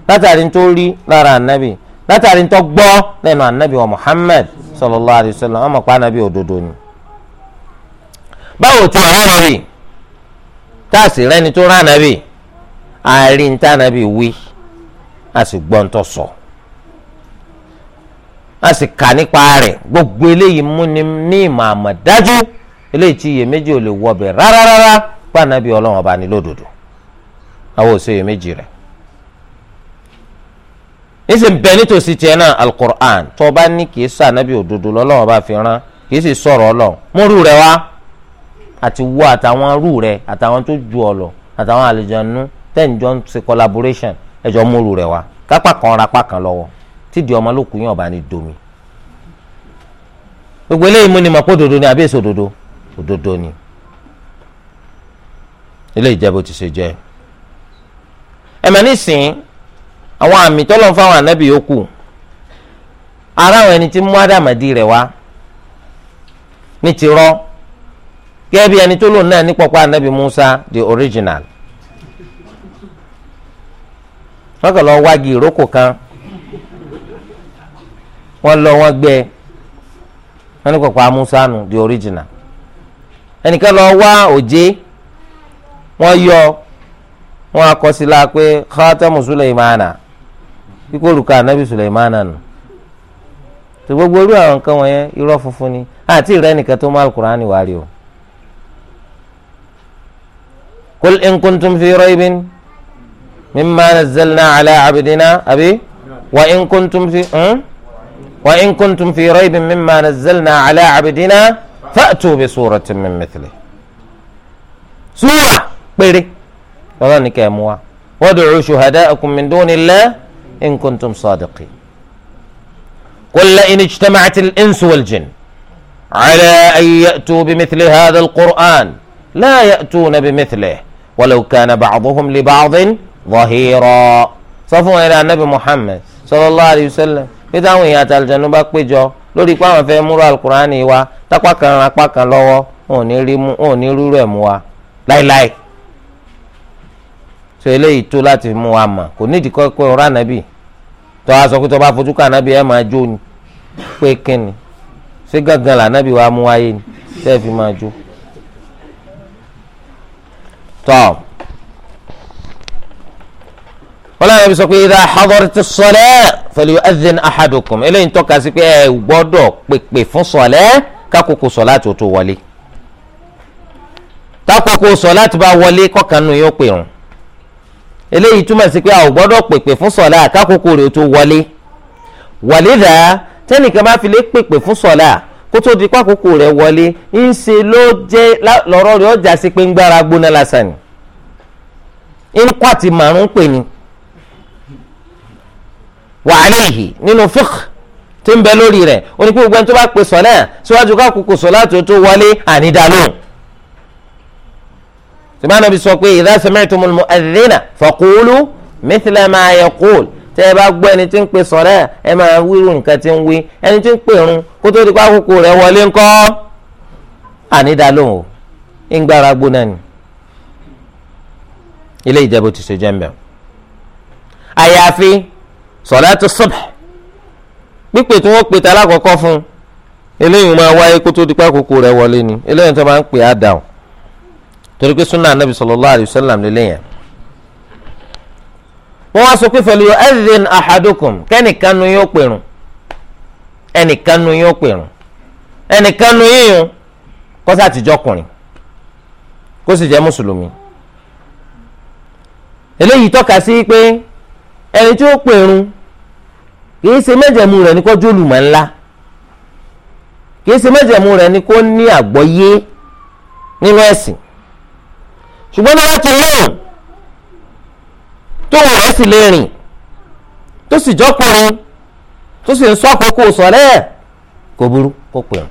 látàrí tó rí lára anabi látàrí ń tọ́ gbọ́ lẹ́nu anabi wa muhammed sallallahu alayhi wa sallam ọmọ pa anabi òdodo ni. báwo tí wàá rẹ̀ rí táàsì rẹ́ni tó rán anabi àárín tá anabi wí a sì gbọ́ ń tọ́ sọ a sì kà nípa rẹ̀ gbogbo eléyìí mú ni ní ìmọ̀ àmọ̀ dájú eléyìí tí iyèméjì ò lè wọbẹ̀ rárá rárá pa anabi ọlọ́run ọba ni lódodo àwọn ò sí iyèméjì rẹ̀ níṣẹ́ ń bẹ nítòsí tiẹ̀ náà alukur'an tó bá ní kì í sọ ànábì òdodo lọ́lọ́wọ́ bá fi rán kì í sì sọ̀rọ̀ ọlọ́ múrú rẹ wá àti wọ àtàwọn rú rẹ àtàwọn tó ju ọ lọ àtàwọn àlejànú tẹ́ǹjọ́ ń ṣe collaboration ẹjọ́ múrú rẹ wá kápá kan rapá kan lọ́wọ́ tídì ọmọ lókùn yín ọba ni domi gbogbo eléyìí mú ni mọ̀ pé òdodo ni àbí èso òdodo òdodo ni ilé ìjẹ́bù ti ṣe jẹ́ ẹ̀mẹ́ nísìnyí àwọn àmì tọ́lọ̀ fáwọn ànábì yòókù ara àwọn ẹni tí mú àdàmàdì rẹ̀ wá ní ti rọ́ gẹ́gẹ́ bí ẹni tó lò náà ní pọ̀pọ̀ ànábì Musa the original lọ́kàn lọ́ọ́ wági ìrókò kan wọ́n lọ wọ́n gbẹ wọ́n ní pọ̀pọ̀ Musa nù the original ẹnìkan lọ wá òjé wọ́n yọ wọ́n akọ sí la pé khatamu Sulaimana kíkó olùkọ́ anabi suleimana nù tó gbogbo irú àwọn nǹkan wọ̀nyẹn irọ́ funfun ni àti ìrẹ́ nìkan tó mú alukur'ani wá rí o. قل إن كنتم في ريب مما نزلنا على عبدنا أبي وإن كنتم في وإن كنتم في ريب مما نزلنا على عبدنا فأتوا بسورة من مثله سورة بيري والله نكاموا وادعوا شهداءكم من دون الله إن كنتم صادقين قل لئن اجتمعت الإنس والجن على أن يأتوا بمثل هذا القرآن لا يأتون بمثله ولو كان بعضهم لبعض ظهيرا صفوا إلى النبي محمد صلى الله عليه وسلم إذا هو يأتي بقبجوا lórí pé àwọn fẹ́ múra alukur'ani wa tápá kan apá kan lọ́wọ́ òní rí mú òní rúrú mú wa láéláé. so eléyìí tó láti mú wa mọ̀ kò nídìí kọ́kọ́ ọ̀rọ̀ ànábì tó a sọ pé tó bá fojú kọ ànábì ẹ̀ máa jó ni pé kíni ṣé gángan lànábì wa mú wáyé ni tẹ́ fi máa jó. tọ́ wọ́n lọ́wọ́ bí sọ pé idha hadarati s-salah falyu'adhdhin ahadukum eléyìí ń tọ́ka sí pé ẹ gbọ́dọ̀ pèpè fún sọ̀lẹ́ kákòókò sọ̀ láti tó wọlé kákòókò sọ̀ láti bá wọlé kọ́kànnù yóò pè rùn eléyìí túmọ̀ sí pé a ò gbọ́dọ̀ pèpè fún sọ̀lá àkàkókò rẹ̀ tó wọlé wàlídà tẹ́nìkan bá fi lè pèpè fún sọ̀lá kó tó di pákókò rẹ̀ wọlé ń ṣe ló jẹ́ lọ́rọ́ rẹ̀ ọjà sí pé ń gbára gbóná lásán ni ń kọ́ àti màrún pè ní wàhálà yìí nínú fúkì tí ń bẹ lórí rẹ̀ ó ní tó bá pè sọ̀lá síwájú kákókò sọ̀lá tó tó wọlé ànídàlóhùn sìmánà bí sọ pé idha sami'tumul mu'adhdhina faqulu mithla ma yaqul tẹ ẹ bá gbọ́ ẹni tí ń pe sọ̀rẹ́ ẹ máa wíru nǹkan tí ń wí ẹni tí ń pè run kó tó di pa àkókò rẹ̀ wọlé ńkọ́ ànídàá lòun o ń gbára gbóná ni ilé ìjẹ́bù ti ṣe jẹ́mbẹ̀. àyàfi sọ̀látù subh pípè tí wọ́n pè tá alákọ̀ọ́kọ́ fún eléyìí máa wáyé kó tó di pa àkókò rẹ̀ wọlé ni eléyìí tó máa ń pè á dà torí pé sunna anabi sallallahu alayhi wa sallam lè léyìn. wọ́n wá sọ pé fẹ̀lú ẹ̀dín ahadukum kẹ́nìkan nu yóò pèrún ẹnìkan nu yóò pèrún ẹnìkan nu yíyún kó sá ti jọkùnrin kó sì jẹ́ mùsùlùmí. eléyìí tọ́ka sí pé ẹni tí ó pèrún kìí ṣe mẹ́jẹ̀mú rẹ̀ ní kó jólùmọ̀ ńlá kìí ṣe mẹ́jẹ̀mú rẹ̀ ní kó ní àgbọ́yé nínú ẹ̀sìn ṣùgbọ́n náà láti lóhùn tó wọ̀ ẹ́ sì lè rìn tó sì jọ́kùnrin tó sì ń sọ àkókò sọ̀rẹ́ ẹ̀ kò burú kò pè ọ́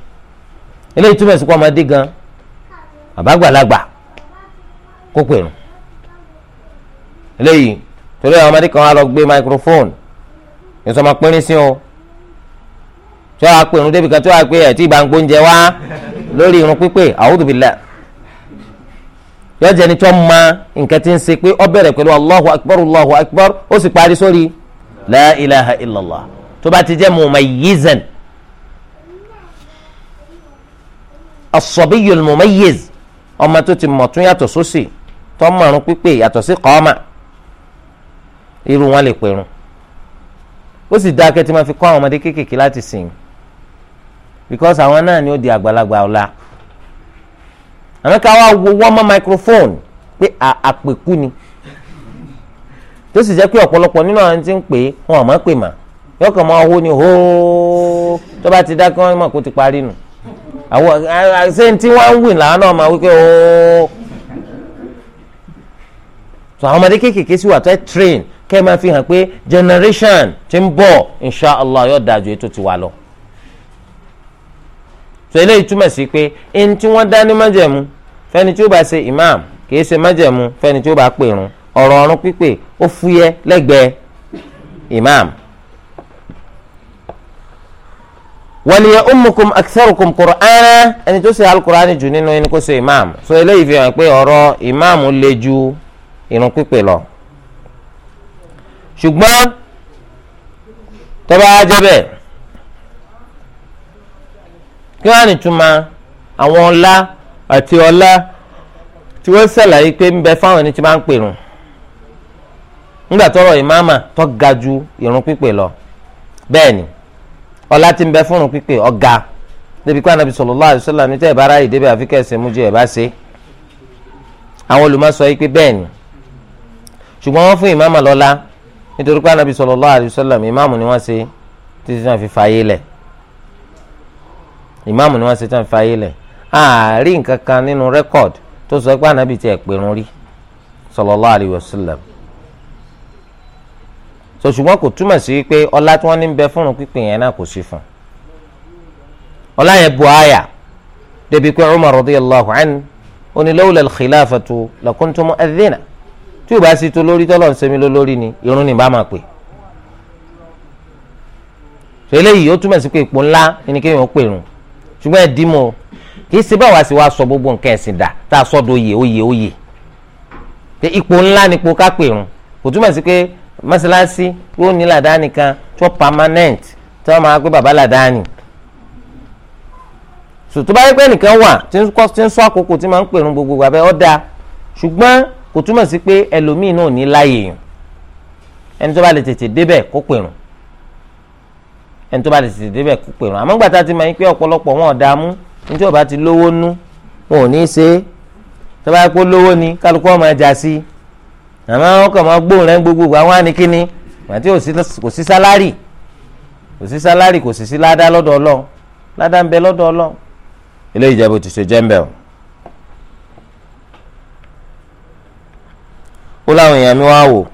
eléyìí túmọ̀ sí pé ọmọdé gan àbágbàlagbà kó pè ọ́ eléyìí torí àwọn ọmọdé kan á lọ gbé microphone ìsọ ma pínrín sí o tí wọ́n á pè ọ́ débi tí wọ́n pè ẹ̀ tí ìbá ń gbóúnjẹ wá lórí irun pípé a'udhu billah yọjẹ ni tí wọn ma nǹkan ti ń ṣe pé ó bẹ̀rẹ̀ pẹ̀lú allahu akbar allahu akbar ó sì parí sórí la ilaha illallah tó bá ti jẹ́ mumayyizan asọ̀bíyul mumayyiz ọmọ tó ti mọ̀ tún yàtọ̀ sósì tó mọ̀rún pípé yàtọ̀ sí kọ́ọ́mà irú wọn lè pẹ̀rùn ó sì dáa kẹ́tí máa fi kọ́ àwọn ọmọdé kéékèèké láti sìn because àwọn náà ni ó di àgbàlagbà ọ̀la àmọ́ ká wá wo wọ́n mọ́ microphone pé àpèkú ni tó sì jẹ́ pé ọ̀pọ̀lọpọ̀ nínú àwọn tí ń pè é wọn ò pè mà yóò máa hó ni hóó tó bá ti dákẹ́ wọn mọ̀ kó ti parí nù àwọn ṣé tí wọ́n ń wìn làwọn náà máa wí pé hóó tó àwọn ọmọdé kéékèèké sì wà tó ẹ train kẹ́ ẹ máa fi hàn pé generation ti ń bọ̀ insha yóò dájú ètò tiwa lọ so eléyìí túmọ̀ sí pé ẹni tí wọ́n dá ní májẹ̀mú fẹ́ni tí ó bá ṣe imam kì í ṣe májẹ̀mú fẹ́ni tí ó bá pèrun ọ̀rọ̀ ọ̀run pípé ó fúyẹ́ lẹ́gbẹ̀ẹ́ imam. wàlíyà umukum aktharukum qur'ana ẹni tó ṣe alukur'ani jù nínú ẹni kó ṣe imam so eléyìí fi hàn pé ọ̀rọ̀ imam le ju irun pípé lọ. ṣùgbọ́n tó bá bẹ́ẹ̀ kí wọ́n á nìtúmọ̀ àwọn ọlá àti ọlá tí wọ́n ṣàlàyé pé ń bẹ fáwọn ẹni tí máa ń pèrún nígbà tọrọ ìmáàmà tó ga ju ìrun pípè lọ bẹ́ẹ̀ ni ọlá tí ń bẹ fún ìrun pípè ọ̀gá débi pé anabi sallallahu alaihi wasallam ní tẹ́ ẹ̀ bá ráyè débi àfi kẹ́sẹ̀ mú jẹ́ ẹ̀ bá ṣe àwọn olùmọ̀ sọ yìí pé bẹ́ẹ̀ ni ṣùgbọ́n wọ́n fún ìmáàmà lọ́lá nítorí pé anabi sallallahu alaihi wasallam ìmáàmù ni wọ́n ṣe títí náà fi fààyè lẹ̀ ìmáàmù ni wọ́n ṣe tán fàyè lẹ̀ ààrí nǹkan kan nínú rẹ́kọ̀d tó sọ pé ànábì tiẹ̀ pèrún rí sallallahu alayhi wa sallam so ṣùgbọ́n kò túmọ̀ sí pé ọlá tí wọ́n ní bẹ fúnrun pípín yẹn náà kò sí fún ọlá yẹn bu àyà débi pé Umar radiyallahu anhu ó ní lawla al-khilafatu lakuntu tí o bá sì tó lórí tọ́lọ̀ ń sẹ́mi lólórí ni irun ni bá máa pè eléyìí ó túmọ̀ sí pé ipò ńlá ni kéèyàn ó pèrún ṣùgbọ́n ẹ dì mọ́ o kì í ṣe báwa sì wá sọ gbogbo nǹkan ẹ̀sìn dà tá a sọ́dọ̀ oyè oyè oyè pé ipò ńlá ni ipò kápẹ̀rún kò túmọ̀ sí pé mọ́ṣáláṣí yóò ní làdáni kan tó permanent tí wọ́n máa gbé bàbá làdáni sòtúbá yẹ pé nìkan wà tí ń sọ àkókò tí máa ń pèrún gbogbo bàbá ọ da ṣùgbọ́n kò túmọ̀ sí pé ẹlòmíì náà ní láàyè yàn ẹni tó bá lè tètè débẹ̀ kó pèrún ẹni tó bá ti tètè débẹ̀ kó pè rún àmọ́ gbàtà ti máa ń pé ọ̀pọ̀lọpọ̀ wọn ò dààmú ní tí ò bá ti lówó nú wọn ò ní í ṣe é tó bá pé lówó ni kálukú ọmọ ẹja sí i àmọ́ wọn kàn máa gbóhùn rẹ̀ gbogbo àwọn àníkíní àti kò sí sálárì kò sí sálárì kò sì sí ládá lọ́dọ̀ ọlọ́ ládá ń bẹ lọ́dọ̀ ọlọ́ ilé ìjẹ́bù ti ṣe jẹ́ńbẹ̀ o.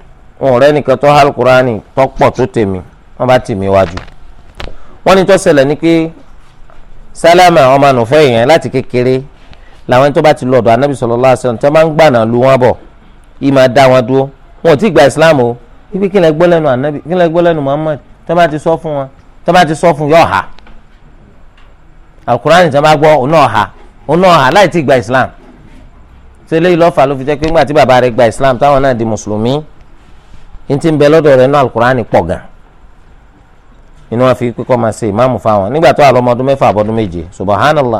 ó wọ́n bá tì mí wájú wọ́n ní tó ṣẹlẹ̀ ni pé sálámà ọmọ ànàfọ́ èèyàn láti kékeré làwọn tó bá ti lọ́dọ̀ anábì sallallahu alaihi wasallam tó máa ń gbànà lu wọn bọ̀ yìí máa dá wọn dúró wọn ò tí ì gba islam o ibi kí n lè gbọ́ lẹ́nu anábì kí n lè gbọ́ lẹ́nu muhammad tó bá ti sọ fún wọn tó bá ti sọ fún yóò ha alukurani tó bá gbọ́ òun náà ha òun náà ha láì tí ì gba islam tó eléyìí lọ́fà ló fi jẹ́ pé ńgbà tí bàbá rẹ̀ gba islam táwọn náà di mùsùlùmí ní ti ń bẹ lọ́dọ̀ rẹ̀ náà alukurani pọ̀ gan inú wọn fi kíkọ́ máa ṣe ìmáàmù fáwọn nígbà tó àlọ́mọ ọdún mẹ́fà àbọ̀dún méje subahánàlá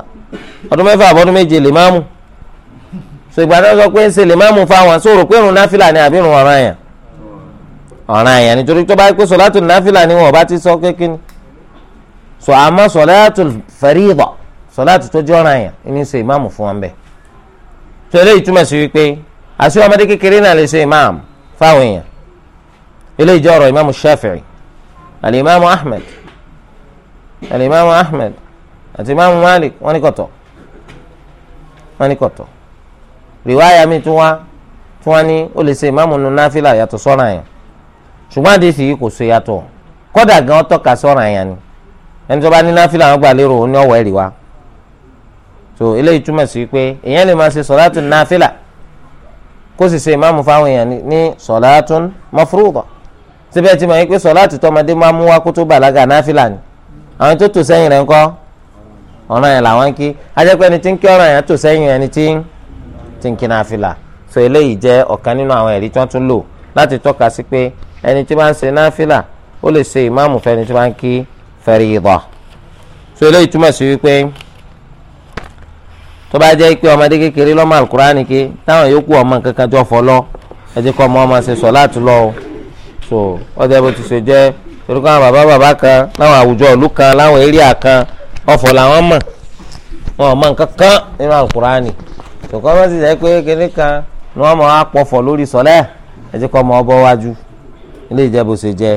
ọdún mẹ́fà àbọ̀dún méje lè máàmù so ìgbà tó sọ pé ń ṣe lè máàmù fáwọn so rò pé irun náfìlà ni àbí irun ọ̀ràn àyàn ọ̀ràn àyàn nítorí tó bá pé sọ̀látù náfìlà ni wọn ò bá ti sọ kékin ni so àmọ́ sọ̀látù fẹ̀ríìdọ̀ sọ̀látù tó jẹ́ ọ̀ràn àyàn ní ṣe ìmáàmù fún wọn bẹ́ẹ̀ tó eléyìí túmọ̀ sí wípé àṣé ọmọdé kékeré náà lè ṣe ìmáàmù fáwọn èèyàn eléyìí jẹ́ ọ̀rọ̀ ìmáàmù Shafi'i alimami ahmed alimami ahmed àti imaamu malik wọ́n ní kọtọ wọ́n ní kọtọ riwaya mi tún wá tún wá ní ó lè ṣe imaamu nu náfìlà yàtọ̀ sọ̀rọ̀ àyàn ṣùgbọ́n àdéhìí yìí kò so yàtọ̀ kódà gan ó tọ́ka sọ̀rọ̀ àyàn ni ẹni tó bá ní náfìlà wọ́n gbà lérò ní ọwọ́ ẹrì wa so eléyìí túmọ̀ sí pé èèyàn lè máa ṣe sọ̀látùn náfìlà kó sì ṣe imaamu fáwọn èèyàn ní sọ̀látùn mafruḍa síbẹ̀ tí mo yẹ pé sọ̀láàtì tọmọdé máa mú wá kó tó bàlágà náfìlà ni àwọn tó tò sẹ́yìn rẹ̀ ń kọ́ ọ̀ràn yẹn làwọn ń kí ajẹ́pẹ́ ẹni tí ń kí ọ̀ràn yẹn tò sẹ́yìn ẹni tí ń kí náfìlà so eléyìí jẹ́ ọ̀kan nínú àwọn ẹ̀rí tí wọ́n tún lò láti tọ́ka sí pé ẹni tí bá ń ṣe náfìlà ó lè ṣe ìmáàmù fẹ́ni tí bá ń kí fàrídà so eléyìí túmọ̀ sí wípé tó bá jẹ́ pé ọmọdé kékeré lọ́mọ àlùkùránì ké táwọn yòókù ọmọ kankan jọ fọ́ lọ ẹ jẹ́ ọmọ ọmọ ṣe sọ̀láàtì lọ o so ọdẹ bó ti ṣe jẹ́ torí káwọn bàbá bàbá kan láwọn àwùjọ ìlú kan láwọn eréà kan ọ̀fọ̀ làwọn mọ̀ wọn ò nǹkan kan nínú àkùránì tòkọ́ bá sì jẹ́ pé kíní kan ni wọ́n mọ̀ á lórí sọ́lẹ̀ ẹ jẹ́ kọ́ ọmọ wájú ilé ìjẹ́ bó ṣe jẹ́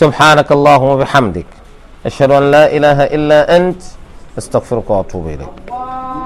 subhanakallahumma wa bihamdik ashhadu an la ilaha illa ant astaghfiruka wa atubu ilayk.